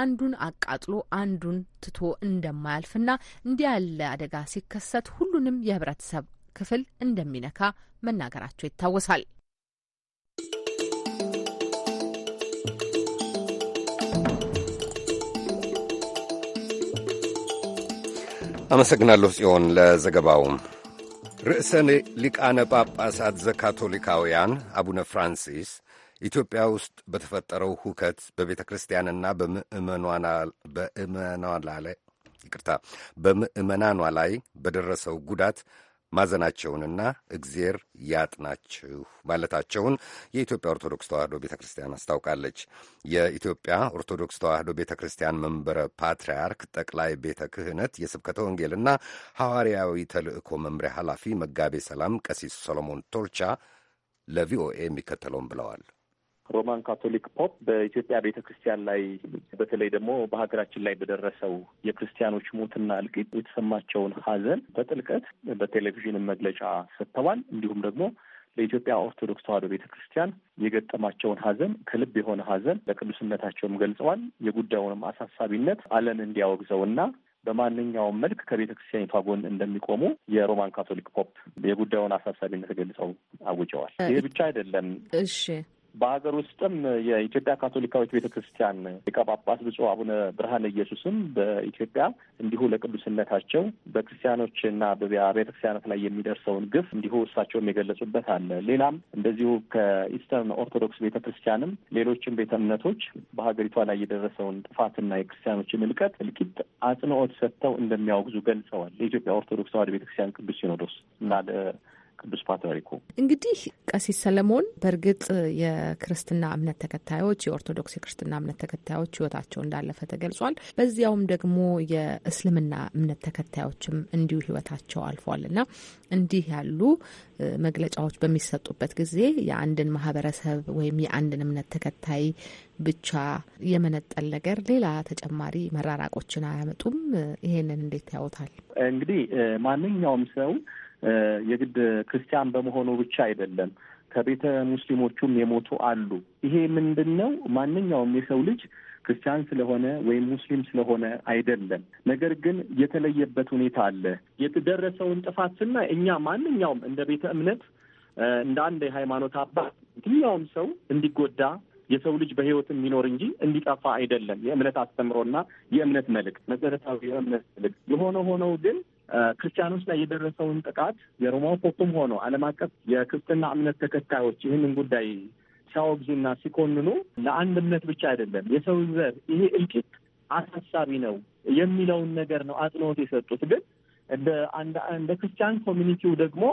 አንዱን አቃጥሎ አንዱን ትቶ እንደማያልፍና እንዲህ ያለ አደጋ ሲከሰት ሁሉንም የህብረተሰብ ክፍል እንደሚነካ መናገራቸው ይታወሳል። አመሰግናለሁ ጽዮን ለዘገባው። ርዕሰ ሊቃነ ጳጳሳት ዘካቶሊካውያን አቡነ ፍራንሲስ ኢትዮጵያ ውስጥ በተፈጠረው ሁከት በቤተ ክርስቲያንና በምእመናኗ ላይ ይቅርታ በምእመናኗ ላይ በደረሰው ጉዳት ማዘናቸውንና እግዜር ያጥናችሁ ማለታቸውን የኢትዮጵያ ኦርቶዶክስ ተዋሕዶ ቤተ ክርስቲያን አስታውቃለች። የኢትዮጵያ ኦርቶዶክስ ተዋሕዶ ቤተ ክርስቲያን መንበረ ፓትርያርክ ጠቅላይ ቤተ ክህነት የስብከተ ወንጌልና ሐዋርያዊ ተልእኮ መምሪያ ኃላፊ መጋቤ ሰላም ቀሲስ ሰሎሞን ቶርቻ ለቪኦኤ የሚከተለውን ብለዋል። ሮማን ካቶሊክ ፖፕ በኢትዮጵያ ቤተ ክርስቲያን ላይ በተለይ ደግሞ በሀገራችን ላይ በደረሰው የክርስቲያኖች ሞትና እልቂት የተሰማቸውን ሐዘን በጥልቀት በቴሌቪዥን መግለጫ ሰጥተዋል። እንዲሁም ደግሞ ለኢትዮጵያ ኦርቶዶክስ ተዋሕዶ ቤተ ክርስቲያን የገጠማቸውን ሐዘን ከልብ የሆነ ሐዘን ለቅዱስነታቸውም ገልጸዋል። የጉዳዩንም አሳሳቢነት ዓለም እና በማንኛውም መልክ ከቤተ ክርስቲያኒቷ ጎን እንደሚቆሙ የሮማን ካቶሊክ ፖፕ የጉዳዩን አሳሳቢነት ገልጸው አውጀዋል። ይህ ብቻ አይደለም። እሺ በሀገር ውስጥም የኢትዮጵያ ካቶሊካዊት ቤተ ክርስቲያን ሊቀ ጳጳስ ብፁዕ አቡነ ብርሃነ ኢየሱስም በኢትዮጵያ እንዲሁ ለቅዱስነታቸው በክርስቲያኖች እና በቤተ ክርስቲያናት ላይ የሚደርሰውን ግፍ እንዲሁ እሳቸውም የገለጹበት አለ። ሌላም እንደዚሁ ከኢስተርን ኦርቶዶክስ ቤተ ክርስቲያንም ሌሎችም ቤተ እምነቶች በሀገሪቷ ላይ የደረሰውን ጥፋትና የክርስቲያኖችን እልቀት እልቂት አጽንኦት ሰጥተው እንደሚያወግዙ ገልጸዋል። ለኢትዮጵያ ኦርቶዶክስ ተዋሕዶ ቤተክርስቲያን ቅዱስ ሲኖዶስ እና ቅዱስ ፓትርያርኩ። እንግዲህ ቀሲስ ሰለሞን በእርግጥ የክርስትና እምነት ተከታዮች የኦርቶዶክስ የክርስትና እምነት ተከታዮች ህይወታቸው እንዳለፈ ተገልጿል። በዚያውም ደግሞ የእስልምና እምነት ተከታዮችም እንዲሁ ህይወታቸው አልፏል እና እንዲህ ያሉ መግለጫዎች በሚሰጡበት ጊዜ የአንድን ማህበረሰብ ወይም የአንድን እምነት ተከታይ ብቻ የመነጠል ነገር ሌላ ተጨማሪ መራራቆችን አያመጡም? ይሄንን እንዴት ያወታል? እንግዲህ ማንኛውም ሰው የግድ ክርስቲያን በመሆኑ ብቻ አይደለም። ከቤተ ሙስሊሞቹም የሞቱ አሉ። ይሄ ምንድን ነው? ማንኛውም የሰው ልጅ ክርስቲያን ስለሆነ ወይም ሙስሊም ስለሆነ አይደለም። ነገር ግን የተለየበት ሁኔታ አለ። የተደረሰውን ጥፋት ስናይ እኛ ማንኛውም እንደ ቤተ እምነት እንደ አንድ የሃይማኖት አባት የትኛውም ሰው እንዲጎዳ የሰው ልጅ በህይወት የሚኖር እንጂ እንዲጠፋ አይደለም የእምነት አስተምሮና የእምነት መልእክት መሰረታዊ የእምነት መልእክት የሆነ ሆነው ግን ክርስቲያኖች ላይ የደረሰውን ጥቃት የሮማው ፖፕም ሆኖ ዓለም አቀፍ የክርስትና እምነት ተከታዮች ይህንን ጉዳይ ሲያወግዙና ሲኮንኑ ለአንድ እምነት ብቻ አይደለም የሰው ዘር ይሄ እልቂት አሳሳቢ ነው የሚለውን ነገር ነው አጽንኦት የሰጡት። ግን እንደ ክርስቲያን ኮሚኒቲው ደግሞ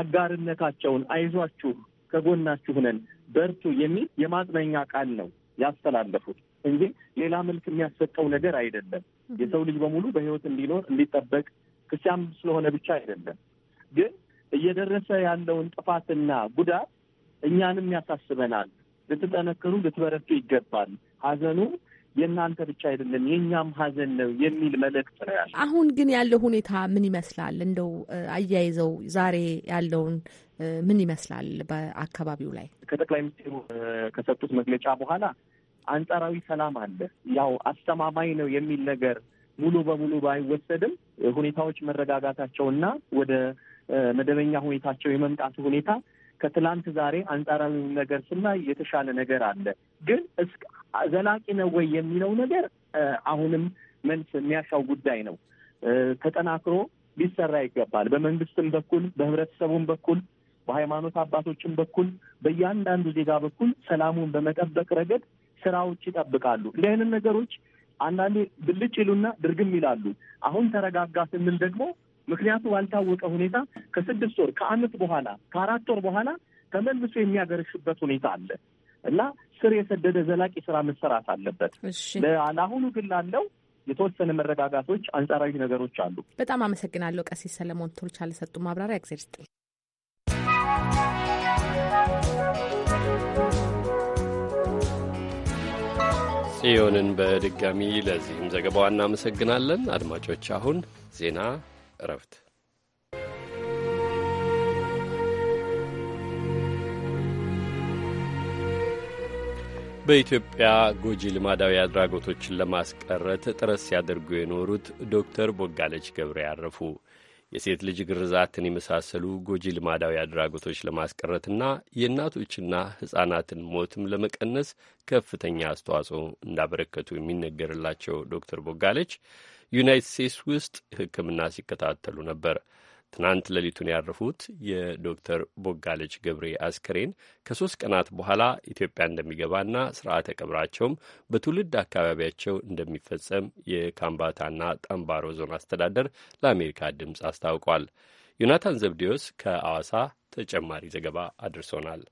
አጋርነታቸውን አይዟችሁ፣ ከጎናችሁ ነን፣ በርቱ የሚል የማጽናኛ ቃል ነው ያስተላለፉት እንጂ ሌላ መልክ የሚያሰጠው ነገር አይደለም። የሰው ልጅ በሙሉ በሕይወት እንዲኖር እንዲጠበቅ ክርስቲያን ስለሆነ ብቻ አይደለም። ግን እየደረሰ ያለውን ጥፋትና ጉዳት እኛንም ያሳስበናል። ልትጠነክሩ፣ ልትበረቱ ይገባል። ሀዘኑ የእናንተ ብቻ አይደለም የእኛም ሀዘን ነው የሚል መልእክት ነው ያለ። አሁን ግን ያለው ሁኔታ ምን ይመስላል? እንደው አያይዘው ዛሬ ያለውን ምን ይመስላል በአካባቢው ላይ? ከጠቅላይ ሚኒስትሩ ከሰጡት መግለጫ በኋላ አንጻራዊ ሰላም አለ፣ ያው አስተማማኝ ነው የሚል ነገር ሙሉ በሙሉ ባይወሰድም ሁኔታዎች መረጋጋታቸውና ወደ መደበኛ ሁኔታቸው የመምጣቱ ሁኔታ ከትላንት ዛሬ አንጻራዊ ነገር ስናይ የተሻለ ነገር አለ። ግን ዘላቂ ነው ወይ የሚለው ነገር አሁንም መልስ የሚያሻው ጉዳይ ነው። ተጠናክሮ ሊሰራ ይገባል። በመንግስትም በኩል በህብረተሰቡም በኩል በሃይማኖት አባቶችም በኩል በእያንዳንዱ ዜጋ በኩል ሰላሙን በመጠበቅ ረገድ ስራዎች ይጠብቃሉ። እንዲህ አይነት ነገሮች አንዳንዴ ብልጭ ይሉና ድርግም ይላሉ። አሁን ተረጋጋ ስንል ደግሞ ምክንያቱ ባልታወቀ ሁኔታ ከስድስት ወር ከዓመት በኋላ ከአራት ወር በኋላ ተመልሶ የሚያገረሽበት ሁኔታ አለ እና ስር የሰደደ ዘላቂ ስራ መሰራት አለበት። ለአሁኑ ግን ላለው የተወሰነ መረጋጋቶች፣ አንጻራዊ ነገሮች አሉ። በጣም አመሰግናለሁ ቀሲስ ሰለሞን ቶልቻ ለሰጡ ማብራሪያ እግዜር ስጥል ጽዮንን በድጋሚ ለዚህም ዘገባዋ እናመሰግናለን። አድማጮች፣ አሁን ዜና እረፍት በኢትዮጵያ ጎጂ ልማዳዊ አድራጎቶችን ለማስቀረት ጥረት ሲያደርጉ የኖሩት ዶክተር ቦጋለች ገብሬ ያረፉ። የሴት ልጅ ግርዛትን የመሳሰሉ ጎጂ ልማዳዊ አድራጎቶች ለማስቀረትና የእናቶችና ሕፃናትን ሞትም ለመቀነስ ከፍተኛ አስተዋጽኦ እንዳበረከቱ የሚነገርላቸው ዶክተር ቦጋለች ዩናይትድ ስቴትስ ውስጥ ሕክምና ሲከታተሉ ነበር። ትናንት ሌሊቱን ያረፉት የዶክተር ቦጋለች ገብሬ አስከሬን ከሶስት ቀናት በኋላ ኢትዮጵያ እንደሚገባና ስርዓተ ቀብራቸውም በትውልድ አካባቢያቸው እንደሚፈጸም የካምባታና ጠምባሮ ዞን አስተዳደር ለአሜሪካ ድምፅ አስታውቋል። ዮናታን ዘብዴዎስ ከአዋሳ ተጨማሪ ዘገባ አድርሶናል።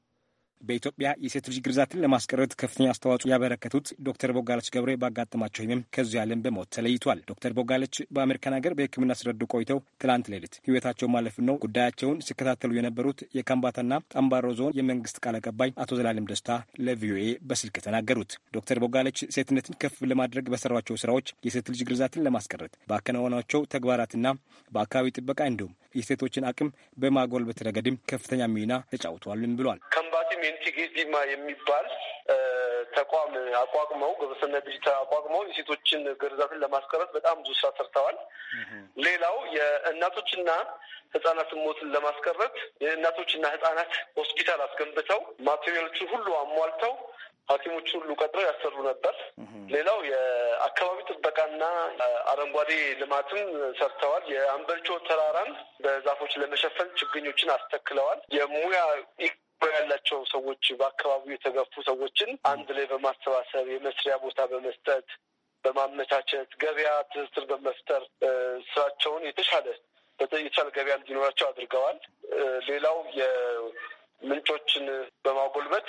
በኢትዮጵያ የሴት ልጅ ግርዛትን ለማስቀረት ከፍተኛ አስተዋጽኦ ያበረከቱት ዶክተር ቦጋለች ገብሬ ባጋጠማቸው ህመም ከዚህ ዓለም በሞት ተለይቷል። ዶክተር ቦጋለች በአሜሪካን ሀገር በሕክምና ሲረዱ ቆይተው ትላንት ሌሊት ህይወታቸው ማለፍ ነው። ጉዳያቸውን ሲከታተሉ የነበሩት የካምባታና ጠምባሮ ዞን የመንግስት ቃል አቀባይ አቶ ዘላለም ደስታ ለቪኦኤ በስልክ ተናገሩት። ዶክተር ቦጋለች ሴትነትን ከፍ ለማድረግ በሰሯቸው ስራዎች የሴት ልጅ ግርዛትን ለማስቀረት ባከናወኗቸው ተግባራትና በአካባቢ ጥበቃ እንዲሁም የሴቶችን አቅም በማጎልበት ረገድም ከፍተኛ ሚና ተጫውተዋልም ብሏል። ምናልባትም ኤንቲጌዚማ የሚባል ተቋም አቋቁመው ግብረሰና ዲጂታል አቋቁመው የሴቶችን ግርዛትን ለማስቀረት በጣም ብዙ ስራ ሰርተዋል። ሌላው የእናቶችና ህጻናት ሞትን ለማስቀረት የእናቶችና ህጻናት ሆስፒታል አስገንብተው ማቴሪያሎችን ሁሉ አሟልተው ሐኪሞች ሁሉ ቀጥረው ያሰሩ ነበር። ሌላው የአካባቢ ጥበቃና አረንጓዴ ልማትም ሰርተዋል። የአንበልቾ ተራራን በዛፎች ለመሸፈን ችግኞችን አስተክለዋል። የሙያ ተልዕኮ ያላቸው ሰዎች በአካባቢው የተገፉ ሰዎችን አንድ ላይ በማሰባሰብ የመስሪያ ቦታ በመስጠት በማመቻቸት ገበያ ትስስር በመፍጠር ስራቸውን የተሻለ የተሻለ ገበያ እንዲኖራቸው አድርገዋል። ሌላው የምንጮችን በማጎልበት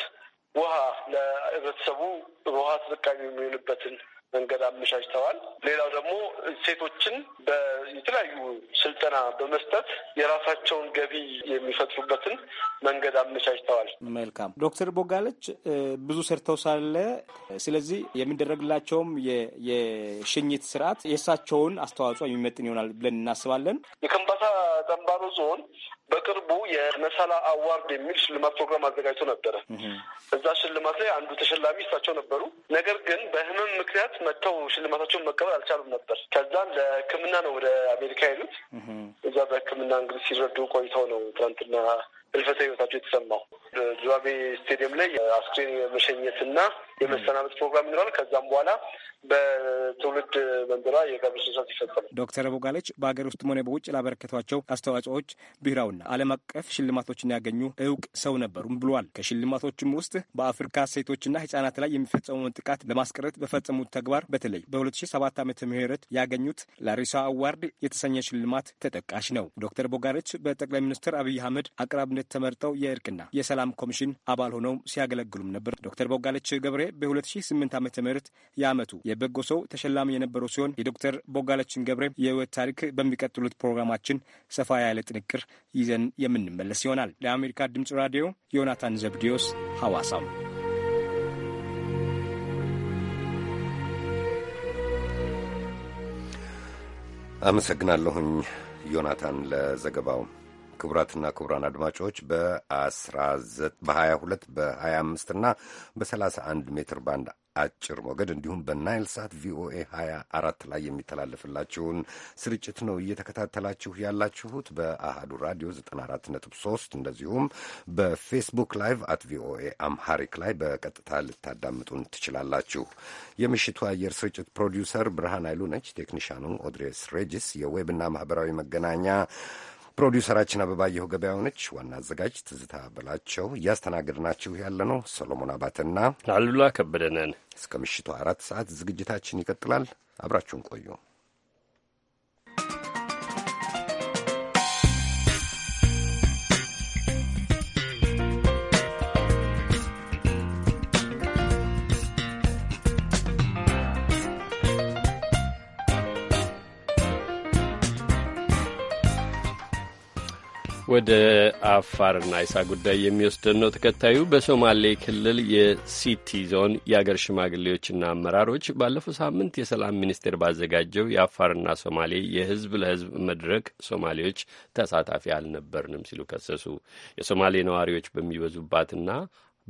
ውሃ ለህብረተሰቡ ውሃ ተጠቃሚ የሚሆንበትን መንገድ አመቻችተዋል። ሌላው ደግሞ ሴቶችን በተለያዩ ስልጠና በመስጠት የራሳቸውን ገቢ የሚፈጥሩበትን መንገድ አመቻችተዋል። መልካም ዶክተር ቦጋለች ብዙ ሰርተው ሳለ ስለዚህ የሚደረግላቸውም የሽኝት ስርዓት የእሳቸውን አስተዋጽኦ የሚመጥን ይሆናል ብለን እናስባለን። የከምባታ ጠንባሮ ዞን በቅርቡ የመሰላ አዋርድ የሚል ሽልማት ፕሮግራም አዘጋጅቶ ነበረ። እዛ ሽልማት ላይ አንዱ ተሸላሚ እሳቸው ነበሩ። ነገር ግን በህመም ምክንያት መጥተው ሽልማታቸውን መቀበል አልቻሉም ነበር። ከዛም ለህክምና ነው ወደ አሜሪካ ሄዱት። እዛ በህክምና እንግዲህ ሲረዱ ቆይተው ነው ትናንትና ህልፈተ ህይወታቸው የተሰማው። ዙዋቤ ስቴዲየም ላይ አስክሬን የመሸኘትና የመሰናበት ፕሮግራም ይኖራል። ከዛም በኋላ በትውልድ መንደራ የቀብር ስርዓት ይፈጸማል። ዶክተር ቦጋለች በሀገር ውስጥም ሆነ በውጭ ላበረከቷቸው አስተዋጽኦዎች ብሔራዊና ዓለም አቀፍ ሽልማቶችን ያገኙ እውቅ ሰው ነበሩም ብሏል። ከሽልማቶችም ውስጥ በአፍሪካ ሴቶችና ህጻናት ላይ የሚፈጸመውን ጥቃት ለማስቀረት በፈጸሙት ተግባር በተለይ በ2007 ዓመተ ምህረት ያገኙት ላሪሳ አዋርድ የተሰኘ ሽልማት ተጠቃሽ ነው። ዶክተር ቦጋለች በጠቅላይ ሚኒስትር አብይ አህመድ አቅራቢነት ተመርጠው የእርቅና የሰላም ኮሚሽን አባል ሆነው ሲያገለግሉም ነበር። ዶክተር ቦጋለች ገብሬ በ2008 ዓ ም የአመቱ የበጎ ሰው ተሸላሚ የነበረው ሲሆን የዶክተር ቦጋለችን ገብሬ የህይወት ታሪክ በሚቀጥሉት ፕሮግራማችን ሰፋ ያለ ጥንቅር ይዘን የምንመለስ ይሆናል። ለአሜሪካ ድምፅ ራዲዮ ዮናታን ዘብዲዮስ ሐዋሳም አመሰግናለሁኝ ዮናታን ለዘገባው። ክቡራትና ክቡራን አድማጮች በ22 በ25 እና በ31 ሜትር ባንድ አጭር ሞገድ እንዲሁም በናይል ሳት ቪኦኤ 24 ላይ የሚተላለፍላችሁን ስርጭት ነው እየተከታተላችሁ ያላችሁት። በአሃዱ ራዲዮ 94.3 እንደዚሁም በፌስቡክ ላይቭ አት ቪኦኤ አምሃሪክ ላይ በቀጥታ ልታዳምጡን ትችላላችሁ። የምሽቱ አየር ስርጭት ፕሮዲውሰር ብርሃን አይሉ ነች። ቴክኒሻኑ ኦድሬስ ሬጅስ፣ የዌብና ማህበራዊ መገናኛ ፕሮዲውሰራችን አበባየሁ ገበያ ሆነች። ዋና አዘጋጅ ትዝታ በላቸው። እያስተናገድናችሁ ያለ ነው ሰሎሞን አባተና አሉላ ከበደነን። እስከ ምሽቱ አራት ሰዓት ዝግጅታችን ይቀጥላል። አብራችሁን ቆዩ። ወደ አፋርና ኢሳ ጉዳይ የሚወስደን ነው ተከታዩ። በሶማሌ ክልል የሲቲ ዞን የአገር ሽማግሌዎችና አመራሮች ባለፈው ሳምንት የሰላም ሚኒስቴር ባዘጋጀው የአፋርና ሶማሌ የህዝብ ለህዝብ መድረክ ሶማሌዎች ተሳታፊ አልነበርንም ሲሉ ከሰሱ። የሶማሌ ነዋሪዎች በሚበዙባትና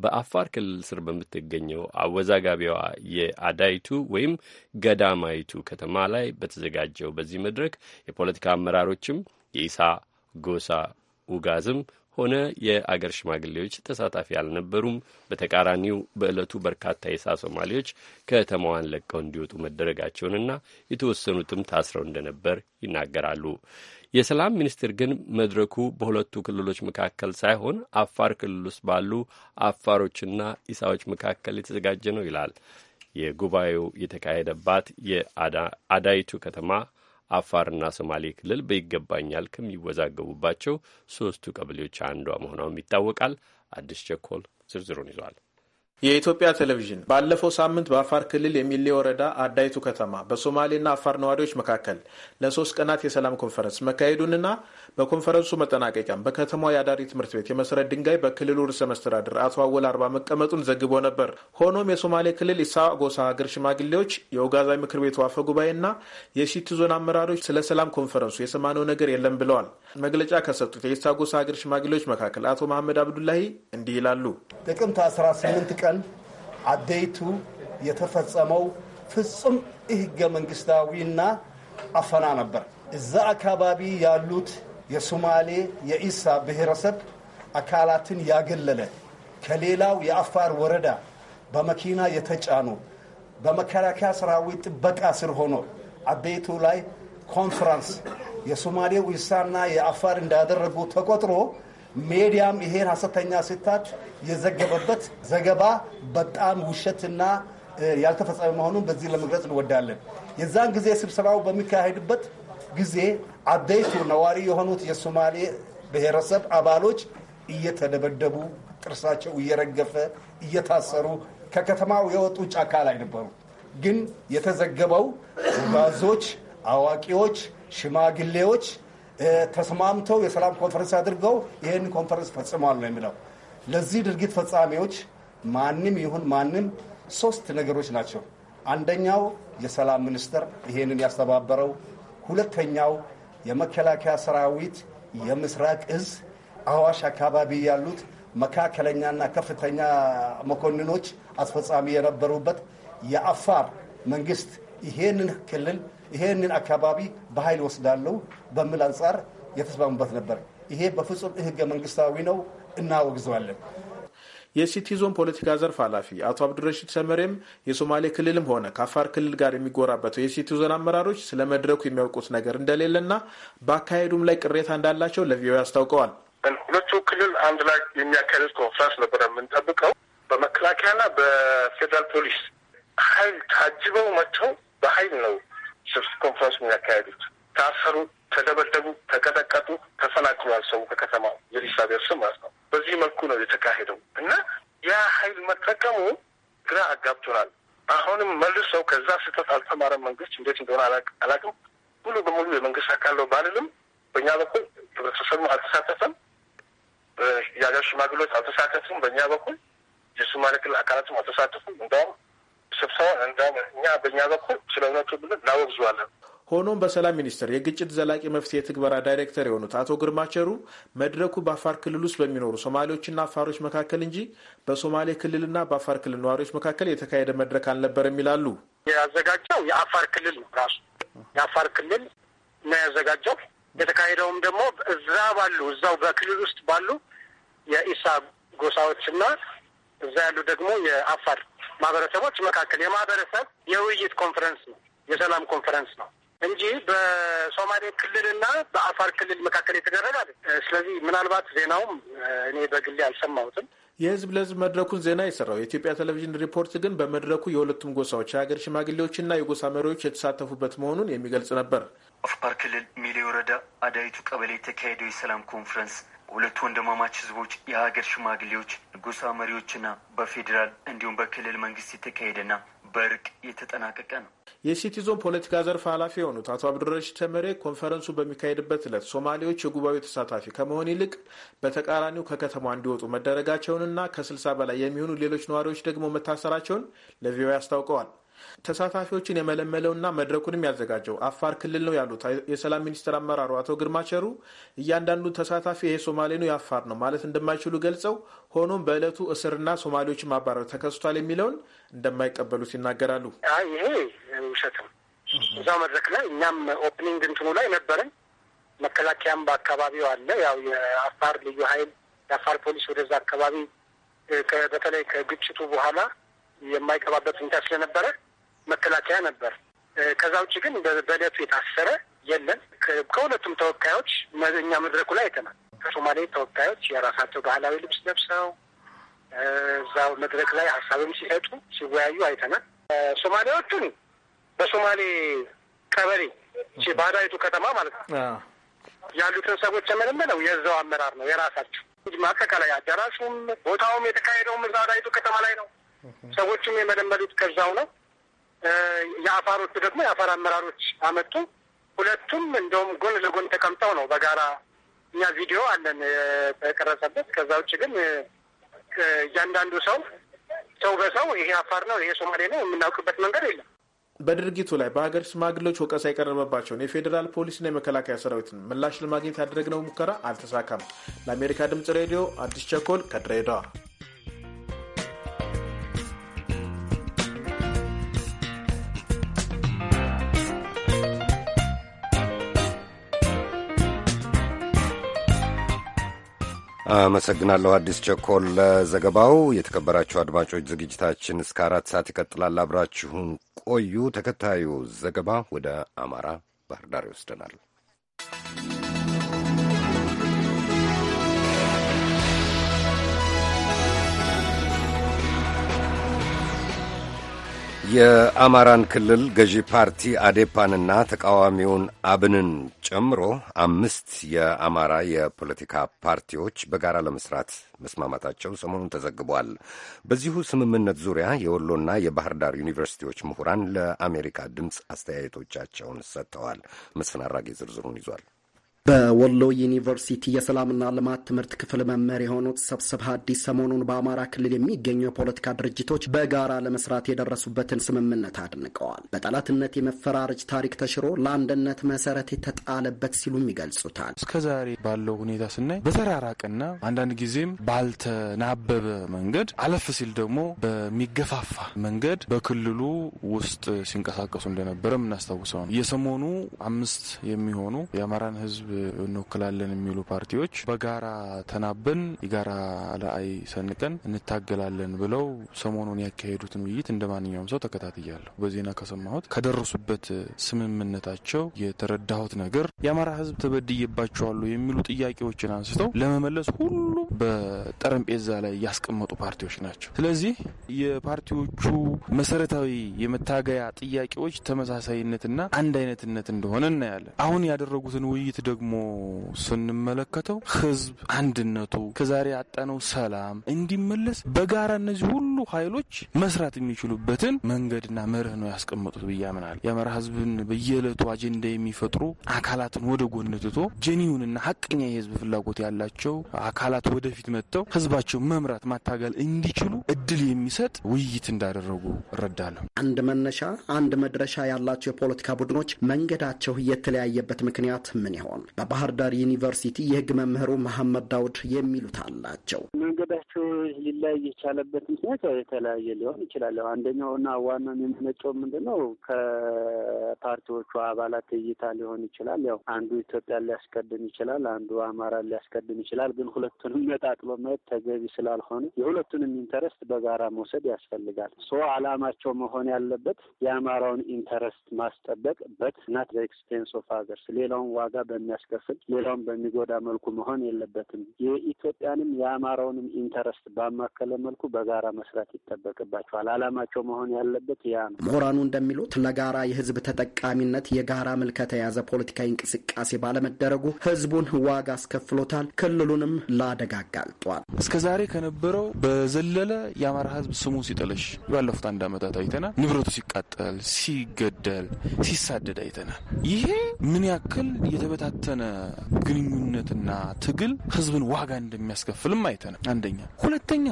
በአፋር ክልል ስር በምትገኘው አወዛጋቢዋ የአዳይቱ ወይም ገዳማይቱ ከተማ ላይ በተዘጋጀው በዚህ መድረክ የፖለቲካ አመራሮችም የኢሳ ጎሳ ውጋዝም ሆነ የአገር ሽማግሌዎች ተሳታፊ አልነበሩም። በተቃራኒው በዕለቱ በርካታ የሳ ሶማሌዎች ከተማዋን ለቀው እንዲወጡ መደረጋቸውንና የተወሰኑትም ታስረው እንደነበር ይናገራሉ። የሰላም ሚኒስትር ግን መድረኩ በሁለቱ ክልሎች መካከል ሳይሆን አፋር ክልል ውስጥ ባሉ አፋሮችና ኢሳዎች መካከል የተዘጋጀ ነው ይላል። የጉባኤው የተካሄደባት የአዳይቱ ከተማ አፋርና ሶማሌ ክልል በይገባኛል ከሚወዛገቡባቸው ሶስቱ ቀበሌዎች አንዷ መሆኗም ይታወቃል። አዲስ ቸኮል ዝርዝሩን ይዟል። የኢትዮጵያ ቴሌቪዥን ባለፈው ሳምንት በአፋር ክልል የሚሌ ወረዳ አዳይቱ ከተማ በሶማሌና አፋር ነዋሪዎች መካከል ለሶስት ቀናት የሰላም ኮንፈረንስ መካሄዱንና በኮንፈረንሱ መጠናቀቂያም በከተማዋ የአዳሪ ትምህርት ቤት የመሰረት ድንጋይ በክልሉ ርዕሰ መስተዳድር አቶ አወል አርባ መቀመጡን ዘግቦ ነበር። ሆኖም የሶማሌ ክልል ኢሳ ጎሳ ሀገር ሽማግሌዎች፣ የኦጋዛይ ምክር ቤቱ አፈ ጉባኤና የሲቲ ዞን አመራሮች ስለ ሰላም ኮንፈረንሱ የሰማነው ነገር የለም ብለዋል። መግለጫ ከሰጡት የኢሳ ጎሳ ሀገር ሽማግሌዎች መካከል አቶ መሐመድ አብዱላሂ እንዲህ ይላሉ። ጥቅምት 18 ቀን አደይቱ የተፈጸመው ፍጹም ህገ መንግስታዊና አፈና ነበር። እዛ አካባቢ ያሉት የሶማሌ የኢሳ ብሔረሰብ አካላትን ያገለለ ከሌላው የአፋር ወረዳ በመኪና የተጫኑ በመከላከያ ሰራዊት ጥበቃ ስር ሆኖ አቤቱ ላይ ኮንፈረንስ የሶማሌ ኢሳና የአፋር እንዳደረጉ ተቆጥሮ ሜዲያም ይሄ ሀሰተኛ ሲታድ የዘገበበት ዘገባ በጣም ውሸትና ያልተፈጸመ መሆኑን በዚህ ለመግለጽ እንወዳለን። የዛን ጊዜ ስብሰባው በሚካሄድበት ጊዜ አደይቱ ነዋሪ የሆኑት የሶማሌ ብሔረሰብ አባሎች እየተደበደቡ፣ ጥርሳቸው እየረገፈ እየታሰሩ ከከተማው የወጡ ጫካ ላይ ነበሩ። ግን የተዘገበው ባዞች፣ አዋቂዎች፣ ሽማግሌዎች ተስማምተው የሰላም ኮንፈረንስ አድርገው ይህን ኮንፈረንስ ፈጽመዋል ነው የሚለው። ለዚህ ድርጊት ፈጻሚዎች ማንም ይሁን ማንም ሶስት ነገሮች ናቸው። አንደኛው የሰላም ሚኒስቴር ይሄንን ያስተባበረው፣ ሁለተኛው የመከላከያ ሰራዊት የምስራቅ እዝ አዋሽ አካባቢ ያሉት መካከለኛና ከፍተኛ መኮንኖች አስፈጻሚ የነበሩበት የአፋር መንግስት ይሄንን ክልል ይሄንን አካባቢ በኃይል ወስዳለው በሚል አንጻር የተስማሙበት ነበር። ይሄ በፍጹም ህገ መንግስታዊ ነው፣ እናወግዘዋለን። የሲቲ ዞን ፖለቲካ ዘርፍ ኃላፊ አቶ አብዱረሺድ ሰመሬም የሶማሌ ክልልም ሆነ ከአፋር ክልል ጋር የሚጎራበተው የሲቲ ዞን አመራሮች ስለ መድረኩ የሚያውቁት ነገር እንደሌለና በአካሄዱም ላይ ቅሬታ እንዳላቸው ለቪኦኤ አስታውቀዋል። ሁለቱ ክልል አንድ ላይ የሚያካሄዱት ኮንፍራንስ ነበረ የምንጠብቀው። በመከላከያና በፌዴራል ፖሊስ ኃይል ታጅበው መጥተው በኃይል ነው ስብስ ኮንፈረንስ ነው ያካሄዱት። ታሰሩ፣ ተደበደቡ፣ ተቀጠቀጡ፣ ተፈናቅሏል። ሰው ከከተማው የአዲስ አበባ ማለት ነው። በዚህ መልኩ ነው የተካሄደው እና ያ ሀይል መጠቀሙ ግራ አጋብቶናል። አሁንም መልሰው ከዛ ስህተት አልተማረም መንግስት እንዴት እንደሆነ አላቅም ሙሉ በሙሉ የመንግስት አካል ነው ባልልም በእኛ በኩል ህብረተሰቡ አልተሳተፈም፣ የሀገር ሽማግሌዎች አልተሳተፉም። በእኛ በኩል የሶማሌ ክልል አካላትም አልተሳተፉም። እንዲያውም ስብሰባ እንደውም እኛ በእኛ በኩል ስለ እውነቱ ብለን እናወግዘዋለን። ሆኖም በሰላም ሚኒስቴር የግጭት ዘላቂ መፍትሄ ትግበራ ዳይሬክተር የሆኑት አቶ ግርማ ቸሩ መድረኩ በአፋር ክልል ውስጥ በሚኖሩ ሶማሌዎችና አፋሮች መካከል እንጂ በሶማሌ ክልልና በአፋር ክልል ነዋሪዎች መካከል የተካሄደ መድረክ አልነበረም ይላሉ። ያዘጋጀው የአፋር ክልል ነው ራሱ የአፋር ክልል ነው ያዘጋጀው። የተካሄደውም ደግሞ እዛ ባሉ እዛው በክልል ውስጥ ባሉ የኢሳ ጎሳዎችና እዛ ያሉ ደግሞ የአፋር ማህበረሰቦች መካከል የማህበረሰብ የውይይት ኮንፈረንስ ነው፣ የሰላም ኮንፈረንስ ነው እንጂ በሶማሌ ክልልና በአፋር ክልል መካከል የተደረገ አይደል። ስለዚህ ምናልባት ዜናውም እኔ በግሌ አልሰማሁትም። የህዝብ ለህዝብ መድረኩን ዜና የሰራው የኢትዮጵያ ቴሌቪዥን ሪፖርት ግን በመድረኩ የሁለቱም ጎሳዎች የሀገር ሽማግሌዎችና የጎሳ መሪዎች የተሳተፉበት መሆኑን የሚገልጽ ነበር። አፋር ክልል ሚሌ ወረዳ አዳይቱ ቀበሌ የተካሄደው የሰላም ኮንፈረንስ ሁለቱ ወንድማማች ህዝቦች የሀገር ሽማግሌዎች፣ ጎሳ መሪዎችና በፌዴራል እንዲሁም በክልል መንግስት የተካሄደና በእርቅ የተጠናቀቀ ነው። የሲቲ ዞን ፖለቲካ ዘርፍ ኃላፊ የሆኑት አቶ አብዱረሽ ተመሬ ኮንፈረንሱ በሚካሄድበት ዕለት ሶማሌዎች የጉባኤው ተሳታፊ ከመሆን ይልቅ በተቃራኒው ከከተማ እንዲወጡ መደረጋቸውንና ከስልሳ በላይ የሚሆኑ ሌሎች ነዋሪዎች ደግሞ መታሰራቸውን ለቪኦኤ አስታውቀዋል። ተሳታፊዎችን የመለመለውና መድረኩንም ያዘጋጀው አፋር ክልል ነው ያሉት የሰላም ሚኒስትር አመራሩ አቶ ግርማቸሩ እያንዳንዱ ተሳታፊ ይሄ ሶማሌ ነው የአፋር ነው ማለት እንደማይችሉ ገልጸው ሆኖም በዕለቱ እስርና ሶማሌዎች ማባረር ተከስቷል የሚለውን እንደማይቀበሉት ይናገራሉ። ይሄ ውሸት ነው። እዛው መድረክ ላይ እኛም ኦፕኒንግ እንትኑ ላይ ነበረን። መከላከያም በአካባቢው አለ። ያው የአፋር ልዩ ኃይል የአፋር ፖሊስ ወደዛ አካባቢ በተለይ ከግጭቱ በኋላ የማይገባበት ሁኔታ ስለነበረ መከላከያ ነበር። ከዛ ውጭ ግን በእለቱ የታሰረ የለም። ከሁለቱም ተወካዮች እኛ መድረኩ ላይ አይተናል። ከሶማሌ ተወካዮች የራሳቸው ባህላዊ ልብስ ለብሰው እዛው መድረክ ላይ ሀሳብም ሲሰጡ ሲወያዩ አይተናል። ሶማሌዎቹን በሶማሌ ቀበሌ ባህዳዊቱ ከተማ ማለት ነው ያሉትን ሰዎች የመለመለው የዛው አመራር ነው የራሳቸው ማጠቃላይ አዳራሹም ቦታውም የተካሄደውም እዛ ዳዊቱ ከተማ ላይ ነው። ሰዎቹም የመለመሉት ከዛው ነው። የአፋሮቹ ደግሞ የአፋር አመራሮች አመጡ። ሁለቱም እንደውም ጎን ለጎን ተቀምጠው ነው በጋራ እኛ ቪዲዮ አለን የተቀረጸበት። ከዛ ውጭ ግን እያንዳንዱ ሰው ሰው በሰው ይሄ አፋር ነው ይሄ ሶማሌ ነው የምናውቅበት መንገድ የለም። በድርጊቱ ላይ በሀገር ሽማግሌዎች ወቀሳ የቀረበባቸውን የፌዴራል ፖሊስና የመከላከያ ሰራዊትን ምላሽ ለማግኘት ያደረግነው ሙከራ አልተሳካም። ለአሜሪካ ድምጽ ሬዲዮ አዲስ ቸኮል ከድሬዳዋ አመሰግናለሁ አዲስ ቸኮል ለዘገባው። የተከበራችሁ አድማጮች ዝግጅታችን እስከ አራት ሰዓት ይቀጥላል። አብራችሁን ቆዩ። ተከታዩ ዘገባ ወደ አማራ ባህር ዳር ይወስደናል። የአማራን ክልል ገዢ ፓርቲ አዴፓንና ተቃዋሚውን አብንን ጨምሮ አምስት የአማራ የፖለቲካ ፓርቲዎች በጋራ ለመስራት መስማማታቸው ሰሞኑን ተዘግቧል። በዚሁ ስምምነት ዙሪያ የወሎና የባህር ዳር ዩኒቨርሲቲዎች ምሁራን ለአሜሪካ ድምፅ አስተያየቶቻቸውን ሰጥተዋል። መስፍን አራጌ ዝርዝሩን ይዟል። በወሎ ዩኒቨርሲቲ የሰላምና ልማት ትምህርት ክፍል መምህር የሆኑት ሰብሰብ ሀዲስ ሰሞኑን በአማራ ክልል የሚገኙ የፖለቲካ ድርጅቶች በጋራ ለመስራት የደረሱበትን ስምምነት አድንቀዋል። በጠላትነት የመፈራረጅ ታሪክ ተሽሮ ለአንድነት መሰረት የተጣለበት ሲሉም ይገልጹታል። እስከዛሬ ባለው ሁኔታ ስናይ በተራራቀና አንዳንድ ጊዜም ባልተናበበ መንገድ አለፍ ሲል ደግሞ በሚገፋፋ መንገድ በክልሉ ውስጥ ሲንቀሳቀሱ እንደነበረ የምናስታውሰው ነው። የሰሞኑ አምስት የሚሆኑ የአማራን ህዝብ እንወክላለን የሚሉ ፓርቲዎች በጋራ ተናበን የጋራ ላዕይ ሰንቀን እንታገላለን ብለው ሰሞኑን ያካሄዱትን ውይይት እንደ ማንኛውም ሰው ተከታትያለሁ። በዜና ከሰማሁት ከደረሱበት ስምምነታቸው የተረዳሁት ነገር የአማራ ህዝብ ተበድይባቸዋሉ የሚሉ ጥያቄዎችን አንስተው ለመመለስ ሁሉም በጠረጴዛ ላይ ያስቀመጡ ፓርቲዎች ናቸው። ስለዚህ የፓርቲዎቹ መሰረታዊ የመታገያ ጥያቄዎች ተመሳሳይነትና አንድ አይነትነት እንደሆነ እናያለን። አሁን ያደረጉትን ውይይት ደግሞ ደግሞ ስንመለከተው ህዝብ አንድነቱ ከዛሬ ያጣነው ሰላም እንዲመለስ በጋራ እነዚህ ሁሉ ኃይሎች መስራት የሚችሉበትን መንገድና መርህ ነው ያስቀመጡት ብዬ አምናለሁ። የአማራ ህዝብን በየዕለቱ አጀንዳ የሚፈጥሩ አካላትን ወደ ጎን ትቶ ጀኒውንና ሀቀኛ የህዝብ ፍላጎት ያላቸው አካላት ወደፊት መጥተው ህዝባቸው መምራት ማታገል እንዲችሉ እድል የሚሰጥ ውይይት እንዳደረጉ እረዳለሁ። አንድ መነሻ አንድ መድረሻ ያላቸው የፖለቲካ ቡድኖች መንገዳቸው የተለያየበት ምክንያት ምን ይሆን? በባህር ዳር ዩኒቨርሲቲ የህግ መምህሩ መሐመድ ዳውድ የሚሉት አላቸው። መንገዳቸው ሊለያይ የቻለበት ምክንያት ያው የተለያየ ሊሆን ይችላል። አንደኛውና ዋናው የሚመነጨው ምንድን ነው? ከፓርቲዎቹ አባላት እይታ ሊሆን ይችላል። ያው አንዱ ኢትዮጵያ ሊያስቀድም ይችላል፣ አንዱ አማራ ሊያስቀድም ይችላል። ግን ሁለቱንም መጣጥሎ ማየት ተገቢ ስላልሆነ የሁለቱንም ኢንተረስት በጋራ መውሰድ ያስፈልጋል። ሶ አላማቸው መሆን ያለበት የአማራውን ኢንተረስት ማስጠበቅ በት ናት በኤክስፔንስ ኦፍ ሀገርስ ሌላውን ዋጋ በሚያ የሚያስከፍል ሌላውን በሚጎዳ መልኩ መሆን የለበትም። የኢትዮጵያንም የአማራውንም ኢንተረስት ባማከለ መልኩ በጋራ መስራት ይጠበቅባቸዋል። አላማቸው መሆን ያለበት ያ ነው። ምሁራኑ እንደሚሉት ለጋራ የህዝብ ተጠቃሚነት የጋራ ምልከታ የያዘ ፖለቲካዊ እንቅስቃሴ ባለመደረጉ ህዝቡን ዋጋ አስከፍሎታል፣ ክልሉንም ለአደጋ አጋልጧል። እስከ ዛሬ ከነበረው በዘለለ የአማራ ህዝብ ስሙ ሲጠለሽ ባለፉት አንድ አመታት አይተናል። ንብረቱ ሲቃጠል፣ ሲገደል፣ ሲሳደድ አይተናል። ይሄ ምን ያክል የተበታተነ ግንኙነትና ትግል ህዝብን ዋጋ እንደሚያስከፍልም አይተናል። አንደኛ። ሁለተኛ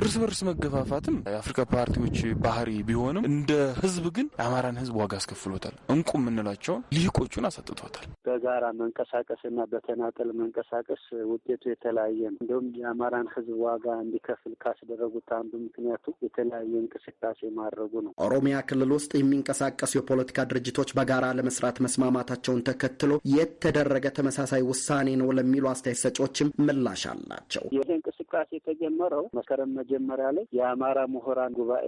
እርስ በርስ መገፋፋትም የአፍሪካ ፓርቲዎች ባህሪ ቢሆንም እንደ ህዝብ ግን የአማራን ህዝብ ዋጋ አስከፍሎታል። እንቁ የምንላቸውን ልሂቆቹን አሳጥቷታል። በጋራ መንቀሳቀስና በተናጠል መንቀሳቀስ ውጤቱ የተለያየ ነው። እንዲሁም የአማራን ህዝብ ዋጋ እንዲከፍል ካስደረጉት አንዱ ምክንያቱ የተለያየ እንቅስቃሴ ማድረጉ ነው። ኦሮሚያ ክልል ውስጥ የሚንቀሳቀሱ የፖለቲካ ድርጅቶች በጋራ ለመስራት መስማማታቸው መሆናቸውን ተከትሎ የተደረገ ተመሳሳይ ውሳኔ ነው ለሚሉ አስተያየት ሰጪዎችም ምላሽ አላቸው። እንቅስቃሴ የተጀመረው መስከረም መጀመሪያ ላይ የአማራ ምሁራን ጉባኤ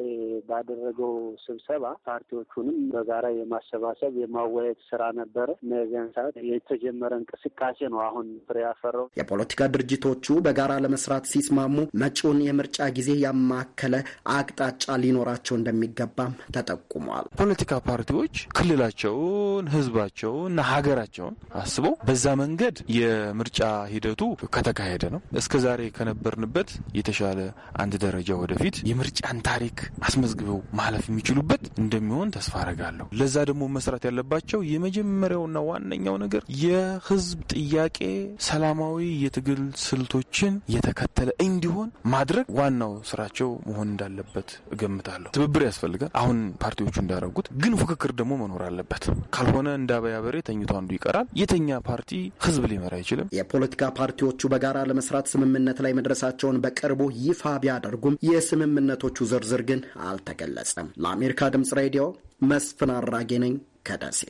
ባደረገው ስብሰባ ፓርቲዎቹንም በጋራ የማሰባሰብ የማወያየት ስራ ነበረ። እነዚያን ሰዓት የተጀመረ እንቅስቃሴ ነው አሁን ፍሬ ያፈራው። የፖለቲካ ድርጅቶቹ በጋራ ለመስራት ሲስማሙ መጪውን የምርጫ ጊዜ ያማከለ አቅጣጫ ሊኖራቸው እንደሚገባም ተጠቁሟል። ፖለቲካ ፓርቲዎች ክልላቸውን፣ ህዝባቸውንና ሀገራቸውን አስበው በዛ መንገድ የምርጫ ሂደቱ ከተካሄደ ነው እስከዛሬ ከነበር ከጀመርንበት የተሻለ አንድ ደረጃ ወደፊት የምርጫን ታሪክ አስመዝግበው ማለፍ የሚችሉበት እንደሚሆን ተስፋ አረጋለሁ። ለዛ ደግሞ መስራት ያለባቸው የመጀመሪያውና ዋነኛው ነገር የህዝብ ጥያቄ ሰላማዊ የትግል ስልቶችን የተከተለ እንዲሆን ማድረግ ዋናው ስራቸው መሆን እንዳለበት እገምታለሁ። ትብብር ያስፈልጋል። አሁን ፓርቲዎቹ እንዳረጉት ግን ፉክክር ደግሞ መኖር አለበት። ካልሆነ እንደ አበያ በሬ ተኝቶ አንዱ ይቀራል። የተኛ ፓርቲ ህዝብ ሊመራ አይችልም። የፖለቲካ ፓርቲዎቹ በጋራ ለመስራት ስምምነት ላይ መድረስ መድረሳቸውን በቅርቡ ይፋ ቢያደርጉም የስምምነቶቹ ዝርዝር ግን አልተገለጸም። ለአሜሪካ ድምጽ ሬዲዮ መስፍን አራጌ ነኝ ከደሴ።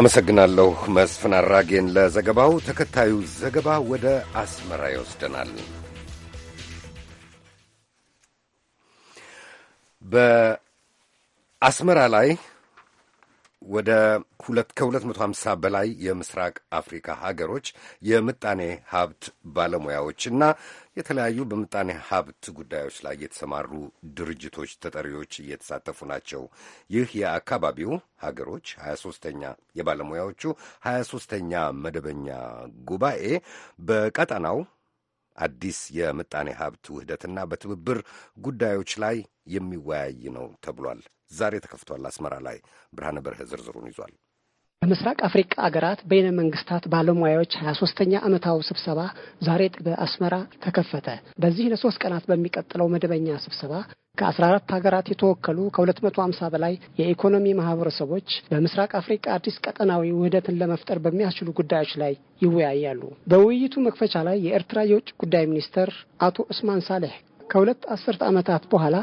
አመሰግናለሁ መስፍን አራጌን ለዘገባው። ተከታዩ ዘገባ ወደ አስመራ ይወስደናል። በአስመራ ላይ ወደ ከ250 በላይ የምስራቅ አፍሪካ ሀገሮች የምጣኔ ሀብት ባለሙያዎችና የተለያዩ በምጣኔ ሀብት ጉዳዮች ላይ የተሰማሩ ድርጅቶች ተጠሪዎች እየተሳተፉ ናቸው። ይህ የአካባቢው ሀገሮች 23ተኛ የባለሙያዎቹ 23ተኛ መደበኛ ጉባኤ በቀጠናው አዲስ የምጣኔ ሀብት ውህደትና በትብብር ጉዳዮች ላይ የሚወያይ ነው ተብሏል። ዛሬ ተከፍቷል። አስመራ ላይ ብርሃነ በርሀ ዝርዝሩን ይዟል። በምስራቅ አፍሪካ አገራት በይነ መንግስታት ባለሙያዎች ሀያ ኛ ዓመታዊ ስብሰባ ዛሬ በአስመራ ተከፈተ። በዚህ ለሶስት ቀናት በሚቀጥለው መደበኛ ስብሰባ ከ14 ሀገራት የተወከሉ ከ250 በላይ የኢኮኖሚ ማህበረሰቦች በምስራቅ አፍሪካ አዲስ ቀጠናዊ ውህደትን ለመፍጠር በሚያስችሉ ጉዳዮች ላይ ይወያያሉ። በውይይቱ መክፈቻ ላይ የኤርትራ የውጭ ጉዳይ ሚኒስትር አቶ ዑስማን ሳሌሕ ከሁለት አስርት ዓመታት በኋላ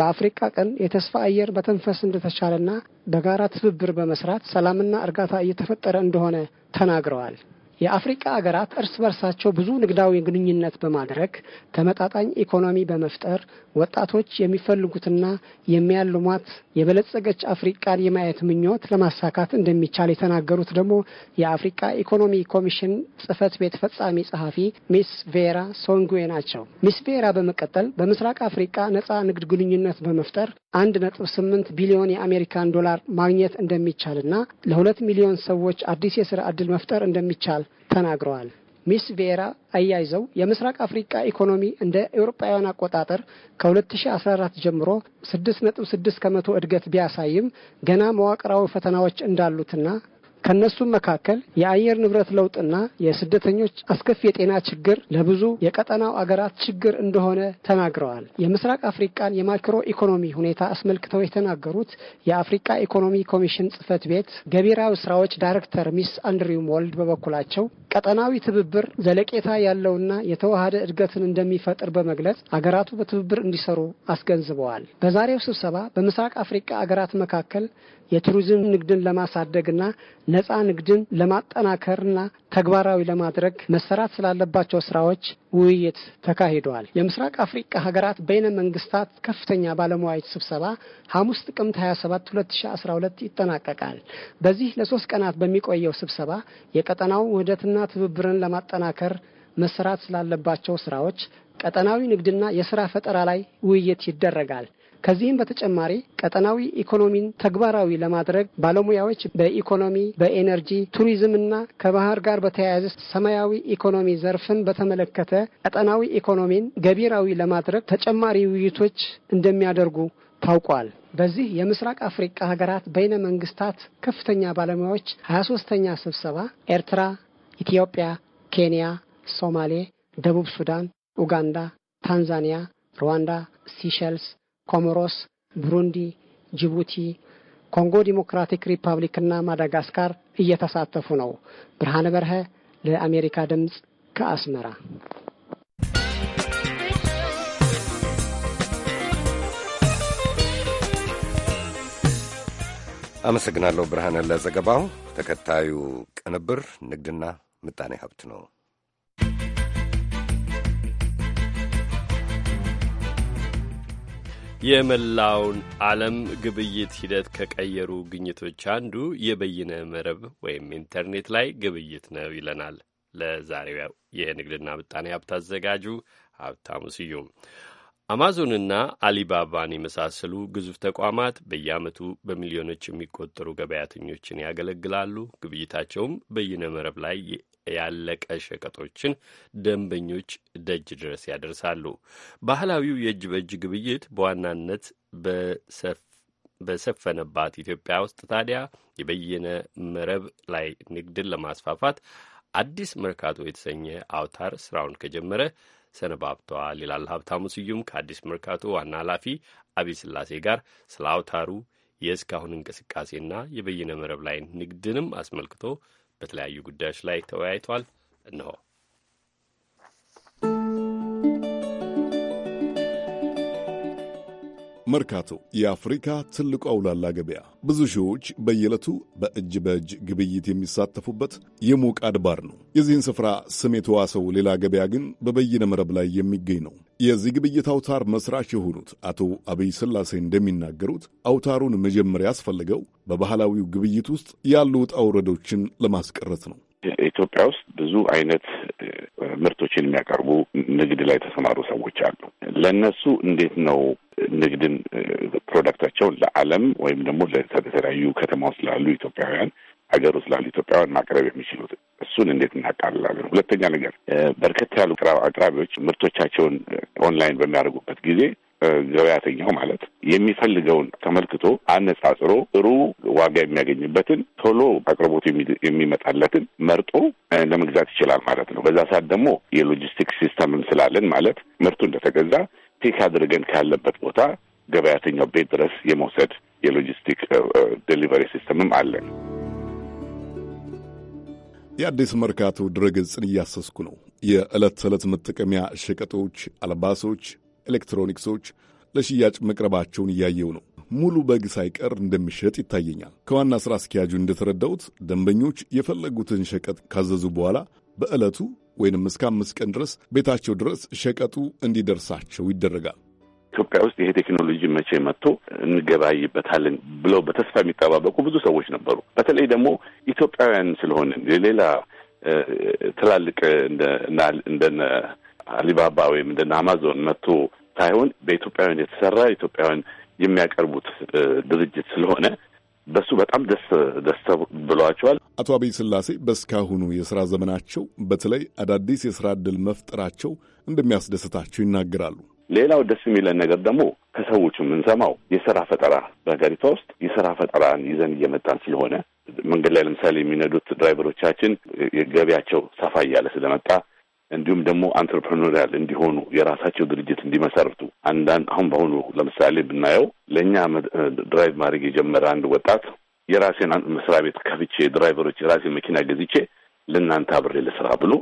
በአፍሪካ ቀን የተስፋ አየር በተንፈስ እንደተቻለና በጋራ ትብብር በመስራት ሰላምና እርጋታ እየተፈጠረ እንደሆነ ተናግረዋል። የአፍሪቃ ሀገራት እርስ በርሳቸው ብዙ ንግዳዊ ግንኙነት በማድረግ ተመጣጣኝ ኢኮኖሚ በመፍጠር ወጣቶች የሚፈልጉትና የሚያልሟት የበለጸገች አፍሪቃን የማየት ምኞት ለማሳካት እንደሚቻል የተናገሩት ደግሞ የአፍሪቃ ኢኮኖሚ ኮሚሽን ጽህፈት ቤት ፈጻሚ ጸሐፊ ሚስ ቬራ ሶንጉዌ ናቸው። ሚስ ቬራ በመቀጠል በምስራቅ አፍሪቃ ነጻ ንግድ ግንኙነት በመፍጠር አንድ ነጥብ ስምንት ቢሊዮን የአሜሪካን ዶላር ማግኘት እንደሚቻልና ለሁለት ሚሊዮን ሰዎች አዲስ የስራ እድል መፍጠር እንደሚቻል ተናግረዋል። ሚስ ቬራ አያይዘው የምስራቅ አፍሪካ ኢኮኖሚ እንደ ኤውሮጳውያን አቆጣጠር ከ2014 ጀምሮ 6.6 ከመቶ እድገት ቢያሳይም ገና መዋቅራዊ ፈተናዎች እንዳሉትና ከነሱም መካከል የአየር ንብረት ለውጥና የስደተኞች አስከፊ የጤና ችግር ለብዙ የቀጠናው አገራት ችግር እንደሆነ ተናግረዋል። የምስራቅ አፍሪቃን የማክሮ ኢኮኖሚ ሁኔታ አስመልክተው የተናገሩት የአፍሪቃ ኢኮኖሚ ኮሚሽን ጽህፈት ቤት ገቢራዊ ስራዎች ዳይሬክተር ሚስ አንድሪው ሞልድ በበኩላቸው ቀጠናዊ ትብብር ዘለቄታ ያለውና የተዋሃደ እድገትን እንደሚፈጥር በመግለጽ አገራቱ በትብብር እንዲሰሩ አስገንዝበዋል። በዛሬው ስብሰባ በምስራቅ አፍሪቃ አገራት መካከል የቱሪዝም ንግድን ለማሳደግና ነፃ ንግድን ለማጠናከርና ተግባራዊ ለማድረግ መሰራት ስላለባቸው ስራዎች ውይይት ተካሂደዋል። የምስራቅ አፍሪቃ ሀገራት በይነ መንግስታት ከፍተኛ ባለሙያዎች ስብሰባ ሐሙስ ጥቅምት 27 2012 ይጠናቀቃል። በዚህ ለሶስት ቀናት በሚቆየው ስብሰባ የቀጠናው ውህደትና ትብብርን ለማጠናከር መሰራት ስላለባቸው ስራዎች፣ ቀጠናዊ ንግድና የስራ ፈጠራ ላይ ውይይት ይደረጋል። ከዚህም በተጨማሪ ቀጠናዊ ኢኮኖሚን ተግባራዊ ለማድረግ ባለሙያዎች በኢኮኖሚ በኤነርጂ ቱሪዝምና ከባህር ጋር በተያያዘ ሰማያዊ ኢኮኖሚ ዘርፍን በተመለከተ ቀጠናዊ ኢኮኖሚን ገቢራዊ ለማድረግ ተጨማሪ ውይይቶች እንደሚያደርጉ ታውቋል። በዚህ የምስራቅ አፍሪቃ ሀገራት በይነ መንግስታት ከፍተኛ ባለሙያዎች ሀያ ሶስተኛ ስብሰባ ኤርትራ፣ ኢትዮጵያ፣ ኬንያ፣ ሶማሌ፣ ደቡብ ሱዳን፣ ኡጋንዳ፣ ታንዛኒያ፣ ሩዋንዳ፣ ሲሸልስ ኮሞሮስ፣ ብሩንዲ፣ ጅቡቲ፣ ኮንጎ ዲሞክራቲክ ሪፐብሊክና ማዳጋስካር እየተሳተፉ ነው። ብርሃነ በርሀ ለአሜሪካ ድምፅ ከአስመራ አመሰግናለሁ። ብርሃንን ለዘገባው። ተከታዩ ቅንብር ንግድና ምጣኔ ሀብት ነው። የመላውን ዓለም ግብይት ሂደት ከቀየሩ ግኝቶች አንዱ የበይነ መረብ ወይም ኢንተርኔት ላይ ግብይት ነው ይለናል ለዛሬው የንግድና ምጣኔ ሀብት አዘጋጁ ሀብታሙ ስዩም። አማዞንና አሊባባን የመሳሰሉ ግዙፍ ተቋማት በየዓመቱ በሚሊዮኖች የሚቆጠሩ ገበያተኞችን ያገለግላሉ። ግብይታቸውም በይነ መረብ ላይ ያለቀ ሸቀጦችን ደንበኞች ደጅ ድረስ ያደርሳሉ። ባህላዊው የእጅ በእጅ ግብይት በዋናነት በሰፈነባት ኢትዮጵያ ውስጥ ታዲያ የበየነ መረብ ላይ ንግድን ለማስፋፋት አዲስ መርካቶ የተሰኘ አውታር ስራውን ከጀመረ ሰነባብተዋል ይላል ሀብታሙ ስዩም ከአዲስ መርካቶ ዋና ኃላፊ አብይ ስላሴ ጋር ስለ አውታሩ የእስካሁን እንቅስቃሴና የበይነ መረብ ላይ ንግድንም አስመልክቶ በተለያዩ ጉዳዮች ላይ ተወያይቷል። እነሆ መርካቶ የአፍሪካ ትልቁ አውላላ ገበያ ብዙ ሺዎች በየዕለቱ በእጅ በእጅ ግብይት የሚሳተፉበት የሞቅ አድባር ነው። የዚህን ስፍራ ስም የተዋሰው ሌላ ገበያ ግን በበይነ መረብ ላይ የሚገኝ ነው። የዚህ ግብይት አውታር መስራች የሆኑት አቶ አብይ ስላሴ እንደሚናገሩት አውታሩን መጀመሪያ ያስፈልገው በባህላዊው ግብይት ውስጥ ያሉ ውጣ ውረዶችን ለማስቀረት ነው። ኢትዮጵያ ውስጥ ብዙ አይነት ምርቶችን የሚያቀርቡ ንግድ ላይ የተሰማሩ ሰዎች አሉ። ለእነሱ እንዴት ነው ንግድን ፕሮዳክታቸውን ለዓለም ወይም ደግሞ ለተለያዩ ከተማ ውስጥ ላሉ ኢትዮጵያውያን ሀገር ውስጥ ላሉ ኢትዮጵያውያን ማቅረብ የሚችሉት እሱን እንዴት እናቃልላለን? ሁለተኛ ነገር በርከት ያሉ አቅራቢዎች ምርቶቻቸውን ኦንላይን በሚያደርጉበት ጊዜ ገበያተኛው ማለት የሚፈልገውን ተመልክቶ አነጻጽሮ ጥሩ ዋጋ የሚያገኝበትን ቶሎ አቅርቦት የሚመጣለትን መርጦ ለመግዛት ይችላል ማለት ነው። በዛ ሰዓት ደግሞ የሎጂስቲክስ ሲስተምን ስላለን ማለት ምርቱ እንደተገዛ ፒክ አድርገን ካለበት ቦታ ገበያተኛው ቤት ድረስ የመውሰድ የሎጂስቲክ ዴሊቨሪ ሲስተምም አለን። የአዲስ መርካቶ ድረገጽን እያሰስኩ ነው። የዕለት ተዕለት መጠቀሚያ ሸቀጦች፣ አልባሶች፣ ኤሌክትሮኒክሶች ለሽያጭ መቅረባቸውን እያየው ነው። ሙሉ በግ ሳይቀር እንደሚሸጥ ይታየኛል። ከዋና ሥራ አስኪያጁ እንደተረዳሁት ደንበኞች የፈለጉትን ሸቀጥ ካዘዙ በኋላ በዕለቱ ወይንም እስከ አምስት ቀን ድረስ ቤታቸው ድረስ ሸቀጡ እንዲደርሳቸው ይደረጋል። ኢትዮጵያ ውስጥ ይሄ ቴክኖሎጂ መቼ መጥቶ እንገባይበታለን ብለው በተስፋ የሚጠባበቁ ብዙ ሰዎች ነበሩ። በተለይ ደግሞ ኢትዮጵያውያን ስለሆንን የሌላ ትላልቅ እንደ አሊባባ ወይም እንደነ አማዞን መጥቶ ሳይሆን በኢትዮጵያውያን የተሰራ ኢትዮጵያውያን የሚያቀርቡት ድርጅት ስለሆነ በሱ በጣም ደስ ደስ ብሏቸዋል። አቶ አብይ ስላሴ በእስካሁኑ የስራ ዘመናቸው በተለይ አዳዲስ የስራ እድል መፍጠራቸው እንደሚያስደስታቸው ይናገራሉ። ሌላው ደስ የሚለን ነገር ደግሞ ከሰዎቹ የምንሰማው የስራ ፈጠራ በሀገሪቷ ውስጥ የስራ ፈጠራን ይዘን እየመጣን ስለሆነ መንገድ ላይ ለምሳሌ የሚነዱት ድራይቨሮቻችን የገቢያቸው ሰፋ እያለ ስለመጣ እንዲሁም ደግሞ አንትርፕረኖሪያል እንዲሆኑ የራሳቸው ድርጅት እንዲመሰርቱ አንዳንድ አሁን በአሁኑ ለምሳሌ ብናየው ለእኛ ድራይቭ ማድረግ የጀመረ አንድ ወጣት የራሴን መስሪያ ቤት ከፍቼ ድራይቨሮች የራሴን መኪና ገዝቼ ለእናንተ አብሬ ልስራ ብሎ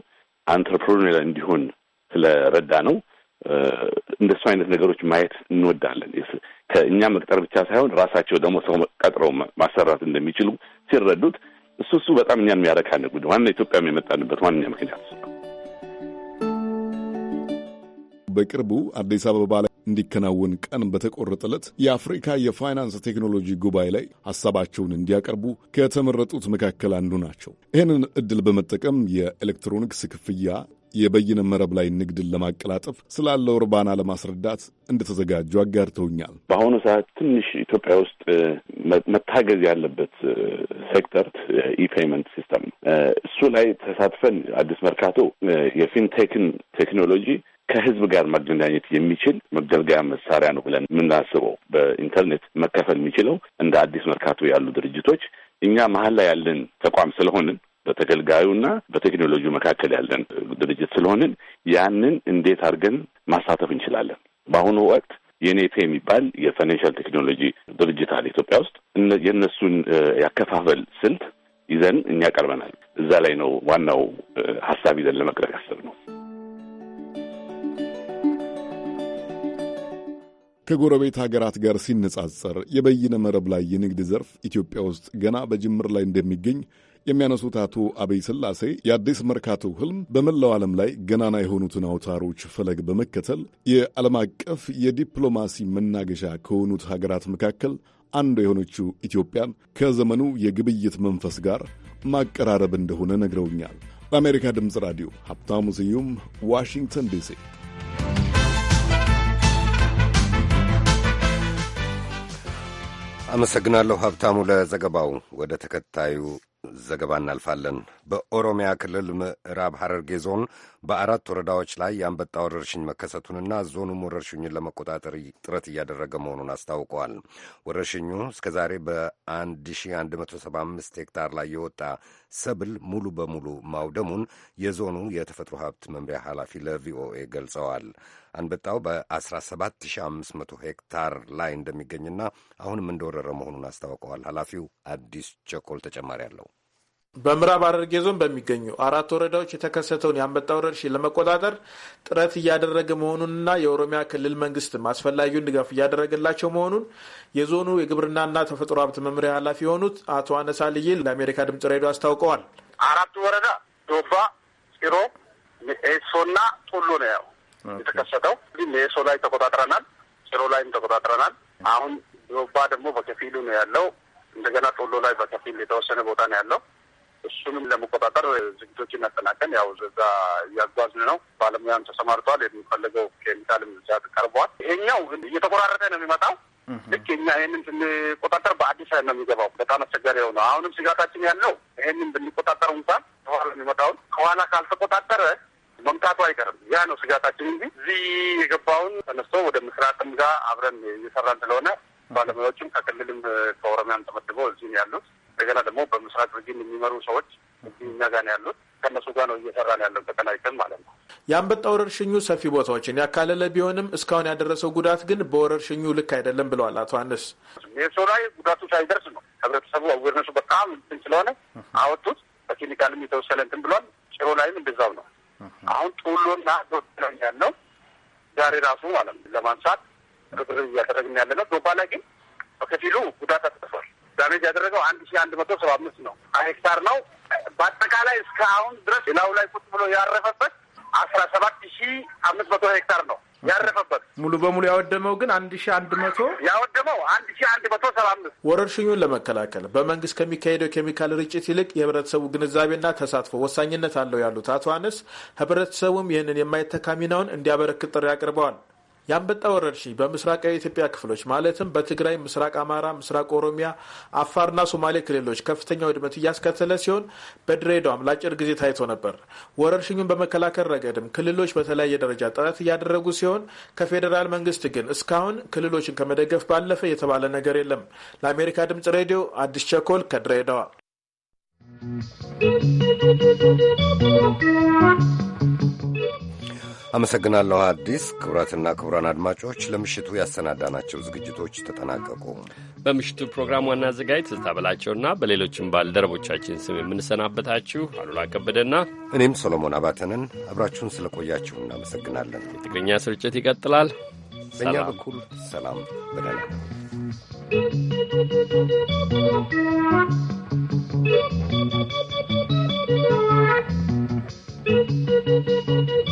አንትርፕረኖሪያል እንዲሆን ስለረዳ ነው። እንደሱ አይነት ነገሮች ማየት እንወዳለን። ከእኛ መቅጠር ብቻ ሳይሆን ራሳቸው ደግሞ ሰው ቀጥረው ማሰራት እንደሚችሉ ሲረዱት እሱ እሱ በጣም እኛን የሚያረካ ዋና ኢትዮጵያም የመጣንበት ዋነኛ ምክንያት በቅርቡ አዲስ አበባ ላይ እንዲከናወን ቀን በተቆረጠለት የአፍሪካ የፋይናንስ ቴክኖሎጂ ጉባኤ ላይ ሀሳባቸውን እንዲያቀርቡ ከተመረጡት መካከል አንዱ ናቸው። ይህንን እድል በመጠቀም የኤሌክትሮኒክስ ክፍያ የበይነ መረብ ላይ ንግድን ለማቀላጠፍ ስላለው እርባና ለማስረዳት እንደተዘጋጁ አጋርተውኛል። በአሁኑ ሰዓት ትንሽ ኢትዮጵያ ውስጥ መታገዝ ያለበት ሴክተር ኢፔይመንት ሲስተም ነው። እሱ ላይ ተሳትፈን አዲስ መርካቶ የፊንቴክን ቴክኖሎጂ ከህዝብ ጋር ማገናኘት የሚችል መገልገያ መሳሪያ ነው ብለን የምናስበው በኢንተርኔት መከፈል የሚችለው እንደ አዲስ መርካቶ ያሉ ድርጅቶች እኛ መሀል ላይ ያለን ተቋም ስለሆንን በተገልጋዩና በቴክኖሎጂ መካከል ያለን ድርጅት ስለሆንን ያንን እንዴት አድርገን ማሳተፍ እንችላለን። በአሁኑ ወቅት የኔቴ የሚባል የፋይናንሻል ቴክኖሎጂ ድርጅት አለ ኢትዮጵያ ውስጥ። የእነሱን ያከፋፈል ስልት ይዘን እኛ ቀርበናል። እዛ ላይ ነው ዋናው ሀሳብ ይዘን ለመቅረብ ያሰብነው። ከጎረቤት ሀገራት ጋር ሲነጻጸር የበይነ መረብ ላይ የንግድ ዘርፍ ኢትዮጵያ ውስጥ ገና በጅምር ላይ እንደሚገኝ የሚያነሱት አቶ አበይ ስላሴ የአዲስ መርካቶ ህልም በመላው ዓለም ላይ ገናና የሆኑትን አውታሮች ፈለግ በመከተል የዓለም አቀፍ የዲፕሎማሲ መናገሻ ከሆኑት ሀገራት መካከል አንዱ የሆነችው ኢትዮጵያን ከዘመኑ የግብይት መንፈስ ጋር ማቀራረብ እንደሆነ ነግረውኛል። በአሜሪካ ድምፅ ራዲዮ ሀብታሙ ስዩም ዋሽንግተን ዲሲ አመሰግናለሁ ሀብታሙ ለዘገባው። ወደ ተከታዩ ዘገባ እናልፋለን። በኦሮሚያ ክልል ምዕራብ ሐረርጌ ዞን በአራት ወረዳዎች ላይ የአንበጣ ወረርሽኝ መከሰቱንና ዞኑም ወረርሽኙን ለመቆጣጠር ጥረት እያደረገ መሆኑን አስታውቀዋል። ወረርሽኙ እስከዛሬ በ1175 ሄክታር ላይ የወጣ ሰብል ሙሉ በሙሉ ማውደሙን የዞኑ የተፈጥሮ ሀብት መምሪያ ኃላፊ ለቪኦኤ ገልጸዋል። አንበጣው በ17500 ሄክታር ላይ እንደሚገኝና አሁንም እንደወረረ መሆኑን አስታውቀዋል። ኃላፊው አዲስ ቸኮል ተጨማሪ አለው። በምዕራብ ሐረርጌ ዞን በሚገኙ አራት ወረዳዎች የተከሰተውን የአንበጣ ወረርሽኝ ለመቆጣጠር ጥረት እያደረገ መሆኑንና የኦሮሚያ ክልል መንግስትም አስፈላጊውን ድጋፍ እያደረገላቸው መሆኑን የዞኑ የግብርናና ተፈጥሮ ሀብት መምሪያ ኃላፊ የሆኑት አቶ አነሳ ልዬ ለአሜሪካ ድምጽ ሬዲዮ አስታውቀዋል። አራቱ ወረዳ ዶባ፣ ጭሮ፣ ሜሶና ጡሉ ነው ያው የተከሰተው። ሜሶ ላይ ተቆጣጥረናል፣ ጭሮ ላይም ተቆጣጥረናል። አሁን ዶባ ደግሞ በከፊሉ ነው ያለው። እንደገና ጡሎ ላይ በከፊል የተወሰነ ቦታ ነው ያለው። እሱንም ለመቆጣጠር ዝግጅቶች መጠናቀን ያው እዛ እያጓዝን ነው። ባለሙያም ተሰማርቷል። የሚፈለገው ኬሚካልም እዛ ቀርቧል። ይሄኛው እየተቆራረጠ ነው የሚመጣው። ልክ እኛ ይህንን ስንቆጣጠር በአዲስ ላይ ነው የሚገባው። በጣም አስቸጋሪ ነው። አሁንም ስጋታችን ያለው ይህንን ብንቆጣጠር እንኳን ከኋላ የሚመጣውን ከኋላ ካልተቆጣጠረ መምጣቱ አይቀርም። ያ ነው ስጋታችን እንጂ እዚህ የገባውን ተነስቶ ወደ ምስራቅም ጋር አብረን እየሰራን ስለሆነ ባለሙያዎችም ከክልልም ከኦሮሚያም ተመድበው እዚህ ያሉት እንደገና ደግሞ በምስራቅ ሪጅን የሚመሩ ሰዎች እኛ ጋር ነው ያሉት ከእነሱ ጋር ነው እየሰራ ነው ያለው ተቀናጅተን ማለት ነው። የአንበጣ ወረርሽኙ ሰፊ ቦታዎችን ያካለለ ቢሆንም እስካሁን ያደረሰው ጉዳት ግን በወረርሽኙ ልክ አይደለም ብለዋል አቶ አንስ ሜሶ ላይ ጉዳቱ ሳይደርስ ነው ህብረተሰቡ አዌርነሱ በጣም እንትን ስለሆነ አወጡት። በኬሚካልም የተወሰነ እንትን ብሏል። ጭሮ ላይም እንደዛው ነው። አሁን ጡሎና ዶላኝ ያለው ዛሬ ራሱ ማለት ነው ለማንሳት ርብር እያደረግን ያለ ነው። ዶባ ላይ ግን በከፊሉ ጉዳት አጥጥፏል። ዳሜጅ ያደረገው አንድ ሺ አንድ መቶ ሰባ አምስት ነው ሄክታር ነው። በአጠቃላይ እስከ አሁን ድረስ ላው ላይ ቁጭ ብሎ ያረፈበት አስራ ሰባት ሺ አምስት መቶ ሄክታር ነው ያረፈበት ሙሉ በሙሉ ያወደመው ግን አንድ ሺ አንድ መቶ ያወደመው አንድ ሺ አንድ መቶ ሰባ አምስት ወረርሽኙን ለመከላከል በመንግስት ከሚካሄደው ኬሚካል ርጭት ይልቅ የህብረተሰቡ ግንዛቤና ተሳትፎ ወሳኝነት አለው ያሉት አቶ አነስ ህብረተሰቡም ይህንን የማይተካ ሚናውን እንዲያበረክት ጥሪ አቅርበዋል። የአንበጣ ወረርሽኝ በምስራቃዊ የኢትዮጵያ ክፍሎች ማለትም በትግራይ፣ ምስራቅ አማራ፣ ምስራቅ ኦሮሚያ፣ አፋርና ሶማሌ ክልሎች ከፍተኛ ውድመት እያስከተለ ሲሆን በድሬዳዋም ለአጭር ጊዜ ታይቶ ነበር። ወረርሽኙን በመከላከል ረገድም ክልሎች በተለያየ ደረጃ ጥረት እያደረጉ ሲሆን ከፌዴራል መንግስት ግን እስካሁን ክልሎችን ከመደገፍ ባለፈ የተባለ ነገር የለም። ለአሜሪካ ድምጽ ሬዲዮ አዲስ ቸኮል ከድሬዳዋ አመሰግናለሁ አዲስ። ክቡራትና ክቡራን አድማጮች ለምሽቱ ያሰናዳናቸው ዝግጅቶች ተጠናቀቁ። በምሽቱ ፕሮግራም ዋና አዘጋጅ ትዝታ በላቸውና በሌሎችም ባልደረቦቻችን ስም የምንሰናበታችሁ አሉላ ከበደና እኔም ሶሎሞን አባተንን አብራችሁን ስለቆያችሁ እናመሰግናለን። የትግርኛ ስርጭት ይቀጥላል። በእኛ በኩል ሰላም you.